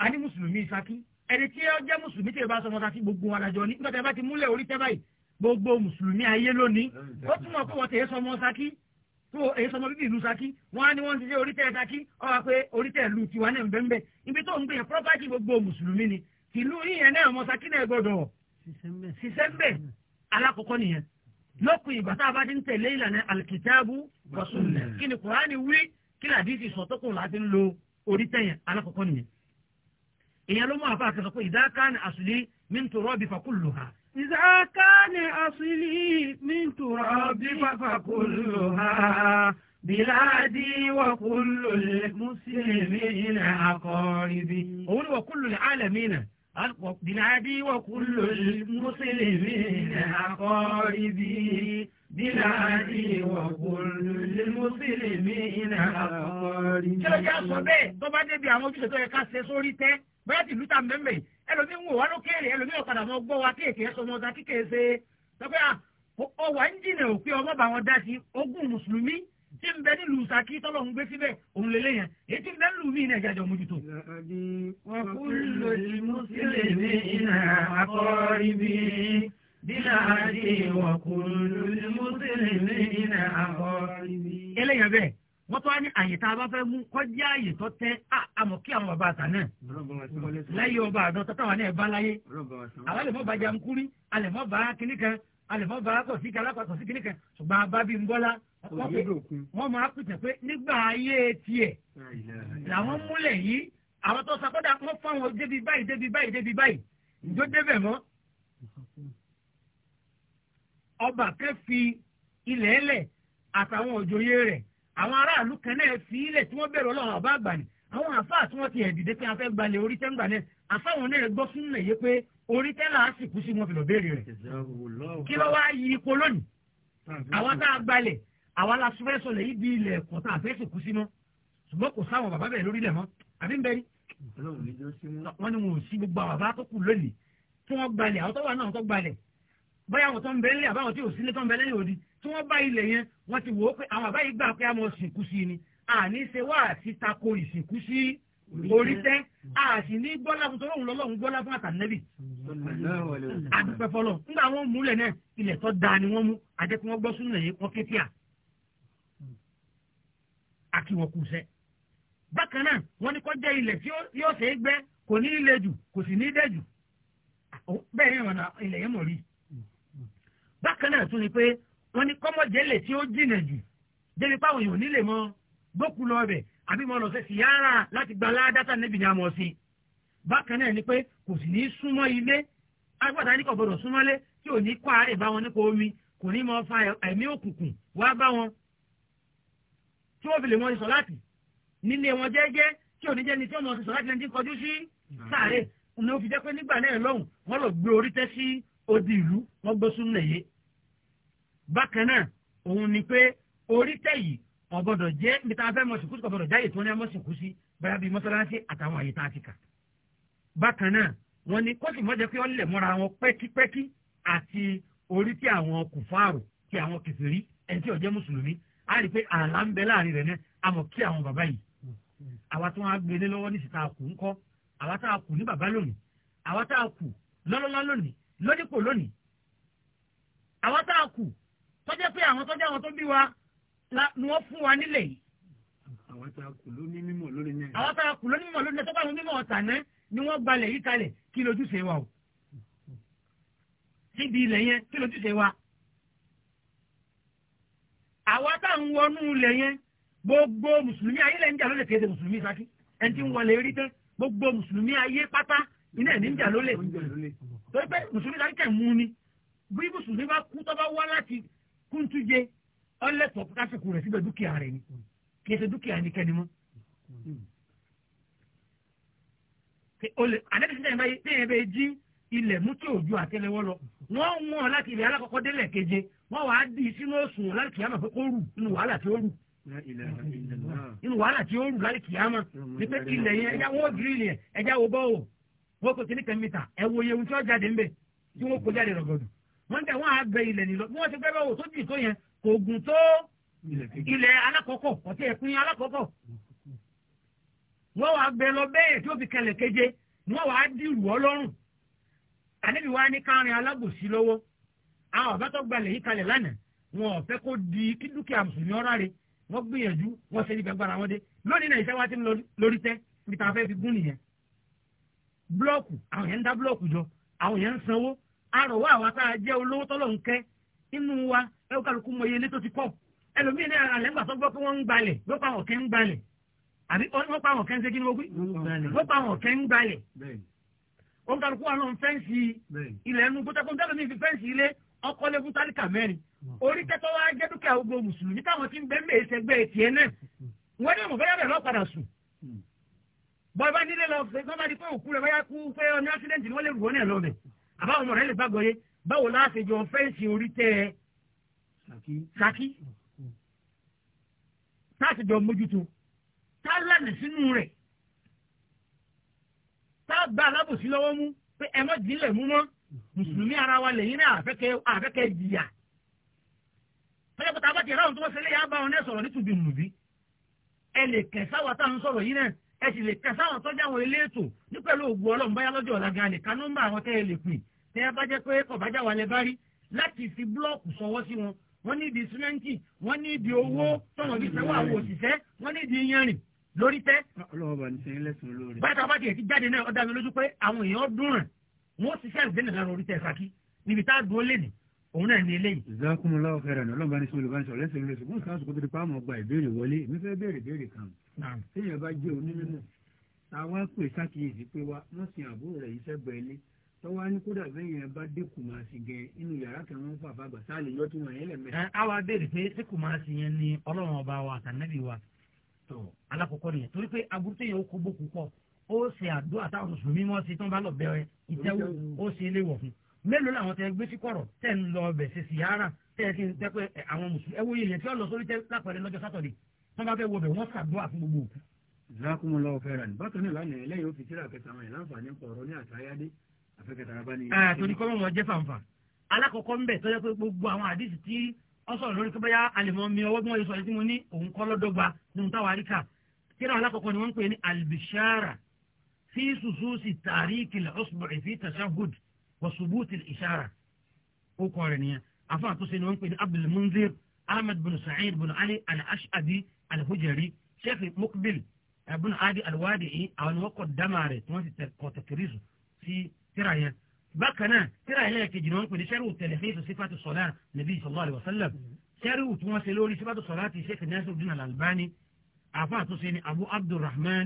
àní mùsùlùmí saki ẹni tí ó jẹ́ mùsùlùmí tí ẹ bá sọ gbogbo alájọ ní nígbà tí a bá ti múlẹ̀ orí tẹ́ báyìí gbogbo mùsùlùmí ayé lónìí ó túmọ̀ pé wọ́n ti sọmọ saki tó èyí sọmọ bíbí ìlú Ṣakí wọn á ní wọn ti ṣe orítẹ Ṣakí ọba pé orítẹ ìlú tiwa náà bẹ́ẹ̀ bẹ́ẹ̀ ibi tó ń gbé yẹn property gbogbo mùsùlùmí ni tìlú yíyan náà mọ Ṣakí náà gbọdọ̀ ṣiṣẹ́ ń bẹ̀ alákọ̀ọ́kọ́ nìyẹn lọ́kùn ìgbà tá a bá ti ń tẹ̀lé ìlànà alkitabu wa sunnah kí ni kùránì wí kí ni àdìsí sọ̀tọ́kùn láti ń lo orítẹ̀ yẹn alákọ̀ọ́kọ́ nìyẹn èèyàn ló mú àfa àkẹ́sọ̀ pé ìdáká ni àṣùlẹ̀ mi ń torọ́ bí fakúlù ha إذا كان أصلي من تراب فكلها بلادي وكل المسلمين أقاربي قول وكل العالمين بلادي وكل المسلمين أقاربي Bíláàdì wọ̀gbọ̀nù lè mú sílè mí iná àkọ́rí. Kí ló jẹ́ àṣọ bẹ́ẹ̀ tó bá débi àwọn ojúṣe tó yẹ ká ṣe sórí tẹ́? Bóyá tìlú ta mẹ́mẹ́, ẹlòmí ń wò wá lókèrè, ẹlòmí ọ̀padà mọ́ gbọ́ wa kéèké ẹ̀sọ́ ọmọ ọ̀dà kíkèé ṣe. Tọ́pẹ́ à, ọwà ń jìnà òpé ọmọ bá wọn dá sí ogún mùsùlùmí tí ń bẹ nílùú saki tọ́lọ̀ ń gbé síbẹ̀ òun lélẹ̀ yẹn èyí tí ń bẹ nílùú mí ní ẹ̀jẹ̀ àjọ mójútó. wọ́n lòdì mùsùlùmí iná àkọ́rí bíi eléyàn bẹ́ẹ̀ wọ́n tọ́ ní àyè tá a bá fẹ́ mú kọjá àyè tó tẹ́ àmọ́ kí àwọn bàbá àtà náà láyé ọba àdán tọ́tà wà ní ẹ̀bá láyé àwọn àlèmọ́ bá jankuri àlèmọ́ bá kínní kan àlèmọ́ bá kọ̀sí alákọ̀sí kínní kan ṣùgbọ́n abá bíi ń bọ́lá wọ́n máa pìtẹ̀ pé nígbà ayé tiẹ̀ làwọn múlẹ̀ yìí àwọn tó sakọ́dà wọ́n fáwọn débi báyìí débi báyìí débi báyìí ìjó débẹ̀ mọ́ ọba fẹ́ fi ilẹ̀ ẹlẹ̀ àtàwọn òjòyè rẹ̀ àwọn aráàlú kan náà fi ilẹ̀ tí wọ́n bẹ̀rù ọlọ́run ọba àgbà ni àwọn àfáà tí wọ́n ti ẹ̀dìdẹ́ pé a fẹ́ gbalẹ̀ orí tẹ́ǹgbà náà àfáwọn náà gbọ́ sún náà yé pé orí tẹ́lá á sì kú sí wọn fìlọ̀ béèrè rẹ̀ kí ló wá yí ipò lónìí àwọn tá a gbalẹ̀ àwa la fẹ́ sọlẹ̀ yìí di ilẹ̀ ẹ̀kọ́ tá a fẹ́ sì kú sí mọ́ ṣùgbọ́n kò sáwọn bàbá bẹ̀ lórí lẹ̀ mọ́ àbí ń bẹ́rí wọ́n ní wọn ò sí gbogbo àwọn bàbá tó kù lónìí tí wọ́n gbalẹ̀ àwọn tó wà náà tó gbalẹ̀ bóyá àwọn tó ń bẹ́lẹ̀ àbáwọn tí ò sílé tó ń bẹ́lẹ̀ yòó di tí wọ́n bá ilẹ̀ yẹn wọ́n ti wò ó pé àwọn àbáyé gbà pé a mọ̀ sìnkú sí ni àní ṣe wá àti tako ìsìnkú sí orí tẹ́ àti ní gbọ́lá fún tọ́lọ́hún lọ́lọ́hún gbọ́lá fún àtànẹ́bì àdúpẹ́ fọlọ́ nígbà wọn múlẹ̀ náà ilẹ̀ tó da ni wọ́n mú àjẹ́ kí wọ́n gbọ́ sínú ẹ̀yìn wọn kété à àkìwọ̀ kù sẹ́ bákan náà wọ́n ní kọ́ jẹ́ ilẹ̀ tí yóò ṣe é gbẹ́ kò ní ilẹ̀ jù kò sì ní dẹ̀ jù bẹ́ẹ̀ ni ìrànà yẹn mọ̀ rí i bákan náà tún ni pé wọ́n ní kọ́mọ̀jẹ́lẹ̀ tí ó jìnà jù débi páwọn èèyàn nílè mọ́ gbókù lọ bẹ̀ àbí mo lọ sí síyára láti gba aládàtà níbi ní amọ̀ sí bákan náà ni pé kò sì ní súnmọ́ ilé agbọ́dá ní kò gbọ́dọ̀ súnmọ́lé tí ò ní kọ́ àárẹ̀ bá wọn nípa omi kò ní mọ fa ẹ̀mí òkùnkùn wá bá wọn tí wọ́n fi lè mọ sọ láti nílé wọn jẹ́jẹ́ tí ò ní jẹ́ni tí wọ́n mọ sọ láti lẹ́ni tí ń kọjú sí sáré ni ó fi jẹ́ pé nígbà náà lọ́hùn wọ́n lọ gbé orí tẹ́ sí odi ìlú wọ́n gbé súnmọ́ ẹ̀yẹ́ bákan náà òun ni pé orí tẹ̀ yìí ọ̀gbọ́dọ̀ jẹ́ níbi tá a fẹ́ mọ̀sìnkú sí ọ̀gbọ́dọ̀ jáyè tó ní mọ̀sìnkú sí bẹ́ẹ̀ bíi mọ́sálásí àtàwọn àyè tá a ti kà. bákan náà wọ́n ní kó sì mọ́jẹ́ pé wọ́n lè mọ́ra wọn pẹ́kípẹ́kí àti orí tí àwọn kùfáàrò tí àwọn kèfèrí ẹni tí ó jẹ́ mùsùlùmí á rí i pé àlá ń bẹ láàrin rẹ̀ náà a mọ̀ kí àwọn bàbá yìí. àwa tí wọ́n á gbélé lọ́wọ́ ní síta kù ńkọ́ àwa tá a kù ní bàbá lónìí àwa tá a kù lọ́lọ́lá lónìí lódìpọ̀ lónìí àwa tá a kù tọ́jẹ́ pé àwọn tọ́jẹ́ àwọn tó bí wa ni wọ́n fún wa nílẹ̀ yìí. àwọn tá a kù ló ní mímọ̀ lórí náà. àwọn tá kù ló ní mímọ̀ lórí náà tó bá wọn mímọ̀ ọ̀tàn náà ni wọ́n gbalẹ̀ yìí kalẹ̀ kí lójúṣe wa o. níbi ilẹ̀ yẹn kí lójúṣe wa. àwa tá à ń wọnú ilẹ̀ yẹn gbogbo mùsùlùmí ayé lẹ́yìn jà lólè kéde mùsùlùmí sákì ẹni tí ń wọlé rí tán gbogbo mùsùlùmí ayé pátá iná ẹ̀ ní ń jà lólè. torí pé mùsùlùmí sákì kẹ̀ mú ni bí mùsùlùmí bá kú tó bá wá láti Kuntuje, ọlẹ́tọ̀ kásìkò rẹ̀ síbẹ̀ dúkìá rẹ̀ ni kì í ṣe dúkìá ni kẹ́ni mọ́. àdébísí tẹ̀yìn báyìí tẹ̀yìn bẹ́ẹ̀ jí ilẹ̀ mú tí òjò àtẹlẹwọ́ lọ wọ́n mú ọ láti ilẹ̀ alákọ̀ọ́kọ́ délẹ̀ keje wọ́n wàá di sínú òsùn láti kìámà pé kó rù nínú wàhálà tí ó rù nínú wàhálà tí ó rù láti kìámà ní pé ilẹ̀ yẹn ẹja wọ́n gírìlì yẹn ẹja wo bọ́ọ̀ wọ́n kò kíní kan mítà ẹ̀ wo iye ohun tí wọ́n jáde ń bẹ̀ tí wọ́n kó jáde rọ̀gọ̀dù wọ́n tẹ̀ wọ́n á gbẹ ilẹ̀ nílọ bí wọ́n ti gbẹ́ bá wò tó jì tó yẹn kò gùn tó ilẹ̀ alákọ̀ọ́kọ̀ ọ̀tí ẹ̀pin alákọ̀ọ́kọ̀ wọ́n wàá gbẹ lọ bẹ́ẹ̀ tí ó fi kẹlẹ̀ keje wọ́n wàá dìrù ọ́ lọ́rùn àníbi wàá ní kárin alábòsí lọ́wọ́ àwọn ọ̀bá tó gbalẹ̀ yìí kalẹ̀ lánàá wọn ò fẹ́ kó di kí dúkìá mùsùlùmí ọ̀rá rẹ̀ wọ́n gbìyànjú wọ́n ṣe níbẹ̀ gbára wọn dé lónìí náà iṣẹ́ wa ti ń lórí tẹ́ níbi tá a fẹ́ fi gún nìyẹn búlọ́ọ̀kù àwọn yẹn ń dá búlọ́ọ̀kù jọ àwọn yẹn ń sanwó àròwọ́ àwa tá a jẹ́ olówó tọ́lọ̀ ń kẹ́ inú wa ẹ ó kálukú mọ iye ilé tó ti pọ̀ ẹlòmíì ní alẹ́ ńgbà tó gbọ́ pé wọ́n ń gbalẹ̀ ló pa àwọn kẹ́ ń gbalẹ̀ àbí wọ́n pa àwọn kẹ́ ń segin lógún ló pa àwọn kẹ́ ń gbalẹ̀ ó kálukú wa náà fẹ́ǹsì ilẹ̀ ẹnu kótẹ́kótẹ́ mi fi fẹ́ǹsì ilé ọkọ̀ lẹ́kún tálíkà mẹ́rin orí kẹ́tọ́ wa jẹ́ dúkìá gbogbo mùsùlùmí táwọn ti ń bẹ́ẹ̀ mẹ́ẹ̀ sẹ́gbẹ́ tiẹ̀ náà wọ́n ní hmm. ni wọ́n lè rù ọ́ àbáwọn ọmọ rẹ lè gbàgbọ́ yé báwo láṣejọ fẹ́ǹsì orí tẹ ẹ saki táṣejọ mójútó tá lànà sínú rẹ̀ tá gba alábòsí lọ́wọ́ mú pé ẹ mọ́ jílẹ̀ mú mọ́ mùsùlùmí ara wa lẹ́yìn náà àfẹ́kẹ́ jìyà tọ́jà pátá bá ti ráhùn tó wọ́n ṣẹlẹ̀ yá bá wọn náà sọ̀rọ̀ nítùbí mùbí ẹ lè kẹsàwọ̀ táwọn sọ̀rọ̀ yìí náà ẹ sì lè kẹsàwọ̀ tọ́jà àwọn elétò ní pẹ̀lú ògùn ọlọ́run lọ́jọ́ ọ̀la gan àwọn tẹ́ ẹ lè pè ní ẹ bá jẹ́ pé ọ̀bájà wà lẹ́ bá rí láti fi búlọ́ọ̀kù sọwọ́ sí wọn wọ́n ní ìdí símẹ́ǹtì wọ́n ní ìdí owó tọ̀nà bí fẹ́ wà wò òṣìṣẹ́ wọ́n ní ìdí yanrìn lórí tẹ́. ọlọ́wọ́ bá ní sẹ́yìn lẹ́sùn olóore. báyọ̀ bá tiẹ̀ ti jáde náà ó dá mi lójú pé àwọn èèyàn dùn rẹ̀ wọ́n ṣiṣẹ́ ìgbéni lára orí tẹ̀ saki níbi tá a dúró lé ní òun náà ní eléyìí. ìzákùnmọ́lá ọ̀fẹ́ rẹ̀ ọlọ́run bá ní sọ́ọ́lù bá ń sọ̀rọ̀ lẹ́sìn lẹ́sìn fún ìsáàsù kó tó di pa gba ìbéèrè wọlé èmi fẹ́ béèrè béèrè kan. téèyàn bá jẹ́ onímọ̀ táwa pè sákìyèsí pé wa wọ́n sin àbúrò rẹ̀ yìí sẹ́gbẹ̀ẹ́ ilé tọ́wọ́ ní kódà bẹ́ẹ̀ yẹn bá dé Kùmásì gẹ inú yàrá kan wọ́n fàfà gbà sáàlì yọ tí wọ́n yẹn lẹ̀ mẹ́. àwa béèrè pé ṣé Kùmásì yẹn ni ọlọ́run ọba wa àtànẹ́bí wa tó alákọ̀ọ́kọ́ nìyẹn torí pé aburúté yẹn ó kó bó púpọ̀ ó ṣe àdúrà táwọn mùsùlùmí mọ́ sí tó ń bá lọ bẹ̀rẹ̀ ìtẹ́wò ó ṣe é léwọ̀ fún mélòó làwọn tẹ gbé sí kọ̀rọ̀ tẹ̀ ń lọ ọbẹ̀ ṣe síyára tẹ̀ kí n tẹ́ pé àwọn mùsùlùmí ẹ wo iye yẹn tí wọ́n lọ sórí tẹ́ lápẹ̀rẹ̀ lọ́jọ́ sátọ̀dẹ̀ tó bá fẹ́ wọ bẹ̀ ṣàdúrà fún gbogbo òkú. zakumulawo fẹ́ràn bákan náà lánàá ẹlẹ́yìn ó fi tíra kẹta wọn yẹn láǹfààní pọ̀rọ̀ ní àtàyádé Ah, torí kọ́ mọ̀ jẹ́ fàǹfà alákọ̀ọ́kọ́ ń bẹ̀ tọ́jọ́ pé gbogbo àwọn àdìsí tí wọ́n sọ̀rọ̀ lórí kébẹ́yà àlèmọ́ mi ọwọ́ bí wọ́n yẹ sọ̀rọ̀ tí mo ní òun kọ́ lọ́dọ́gba nínú táwa àríkà tíra alákọ̀ọ́kọ́ ni wọ́n ń pè ní albishara fi sususi tàríkì lọ́sùbọ̀rẹ̀ fi tashahud wa subuti ishara ó kọ́ rẹ̀ nìyẹn afa àtúnṣe ni wọ́n ń pè ní abdul munzir ahmed bin sa'id bin ali al-ash'abi al sheikh mukbil bin adi al àwọn ni wọ́n kọ́ dámà rẹ̀ tí wọ́n ti kọ́ tẹ̀kẹ́rì sí tíra yẹn bákan náà tíra yẹn lẹ́ẹ̀kejì ni wọ́n pè ní sẹ́rù tẹ̀lifíṣù sífàtù sọ̀lá nàbí sallallahu alaihi wasallam mm-hmm. sẹ́rù tí wọ́n ṣe lórí sífàtù sọ̀lá ti ṣe kìnìyàsó dínà làlbáni àfa àtúnṣe ni abu abdulrahman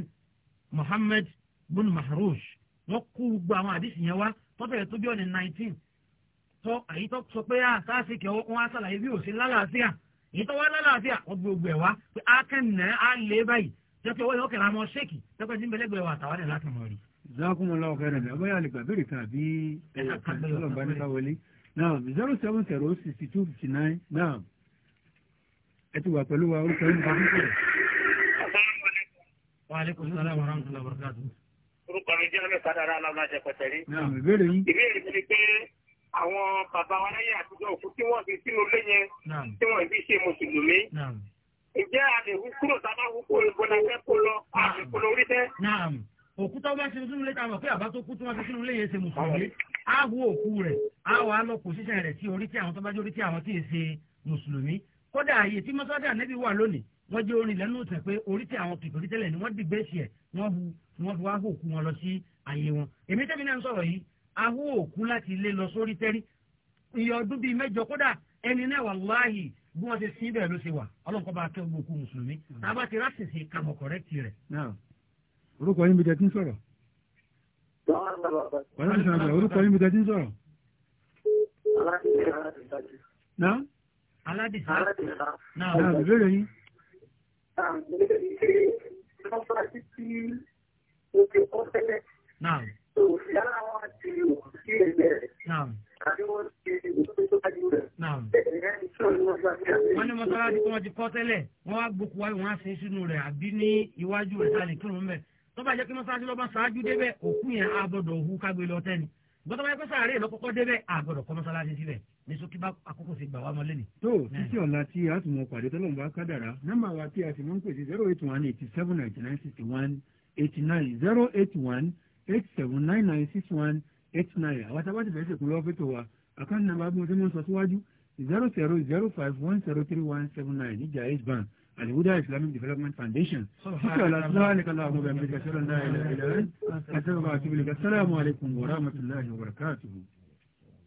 muhammad bin mahroush wọ́n kú gbogbo àwọn àdìsí yẹn wá tọ́tẹ̀ tó bí ọ̀nà nineteen tó èyí tó sọ pé àtàsíkẹ́ ah, wọn á sàlàyé bí òsín lálàáfíà èyí tó wá lálàáfíà wọ́n gbogbo ẹ̀ wá pé akẹ́nà á lé báyìí tẹ́tẹ́ owó yẹn ó mọ́ ṣéèkì tẹ́tẹ́ tí ń bẹ̀lẹ́gbẹ̀ẹ́ wà àtàwọn ẹ̀ látàmọ́ rí jazakumullahu khairan bí abọ́yá lè gbàgbére kan àbí ọlọ́ọ̀bá ní káwọlé náà zero seven zero sixty two fifty nine náà ẹ ti wà pẹ̀lú wa orúkọ yín kan nípò. wa aleykum salaam wa rahmatulah wa barakatuh. orúkọ mi jẹ́ ọlọ́ọ̀ká dára aláwọ̀lájẹ pẹ̀tẹ́rí. náà ìbéèrè yín. ìbéèrè mi ni pé àwọn bàbá wa láyé àtijọ́ òkú tí wọ́n fi sínú ilé yẹn tí wọ́n fi ṣe mùsùlùmí ǹjẹ́ a lè wú kúrò tá a bá wú kó ìbọn náà fẹ́ kó lọ a lè kó lọ orí tẹ́ òkú tó bá sinú sínú ilé táwọn pé àbá tó kú tí wọ́n ti sínú ilé yẹn ṣe mùsùlùmí á wo òkú rẹ̀ á wà á lọ pòṣíṣàn rẹ̀ sí orí tí àwọn tó bá jẹ́ orí tí àwọn tí ì ṣe mùsùlùmí kódà àyè tí mọ́sádà níbi wà lónìí wọ́n jẹ́ orin lẹ́nu ìtàn pé orí tí àwọn kìkìrí tẹ́lẹ̀ ni wọ́n dìgbé sí ẹ̀ wọ́n hu wọ́n fi wá òkú wọn lọ sí àyè wọn èmi tẹ́mi náà ń sọ̀rọ̀ yìí ahó òkú láti ilé lọ sórí tẹ́rí iye ọdún bíi mẹ́jọ kódà ẹni náà wàláhì bí wọ́n ti sin bẹ́ẹ̀ ló ṣe wà ọlọ́nkọ́ bá kẹ́ gbogbo òkú mùsùlùmí hmm. tá ti rásìsì kàmọ̀ rẹ̀ orúkọ yín bìtẹ́ tí ń sọ̀rọ̀. wàhálà ìṣàn àgbà orúkọ yín bìtẹ́ tí ń sọ̀rọ̀. na. aládìsá. na ìbéèrè yín. Naam. Naam. Naam. Wọ́n ní mọ́sálásí tí wọ́n ti kọ́ tẹ́lẹ̀, wọ́n wá gbókùwá, wọ́n á ṣe sínú rẹ̀ àbí ní iwájú rẹ̀ tá lè kírun mẹ́ tọ́ba jẹ́ kí mọ́sáájú lọ́ba ṣáájú débẹ̀ òkú yẹn àbọ̀dọ̀ òhu kágbé lọ tẹ́ni gbọ́dọ̀ bá yẹ pé sáré lọ́kọ́kọ́ débẹ̀ àgbọ̀dọ̀ kọ́ mọ́sáájú síbẹ̀ ní sókí bá àkókò sì gbà wá mọ́ lẹ́nu. tó títí ọ̀la tí a tún mọ pàdé tọ́lọ́mù bá kádàrá nọ́mbà wa tí a sì máa ń pèsè zero eight one eight seven nine nine six one eight nine zero eight one eight seven nine nine six one eight nine àwọn tá a bá ti fẹ́ẹ́ sèkún lọ́wọ́ fẹ́tọ̀ wa àkáǹtì nàmbà bí mo zero zero zero five one zero three one seven nine ní Jaiz الهدى Islamic Development Foundation شكرا لأسلامك شكرا لا إله إلا أنت أتبقى السلام عليكم ورحمة الله وبركاته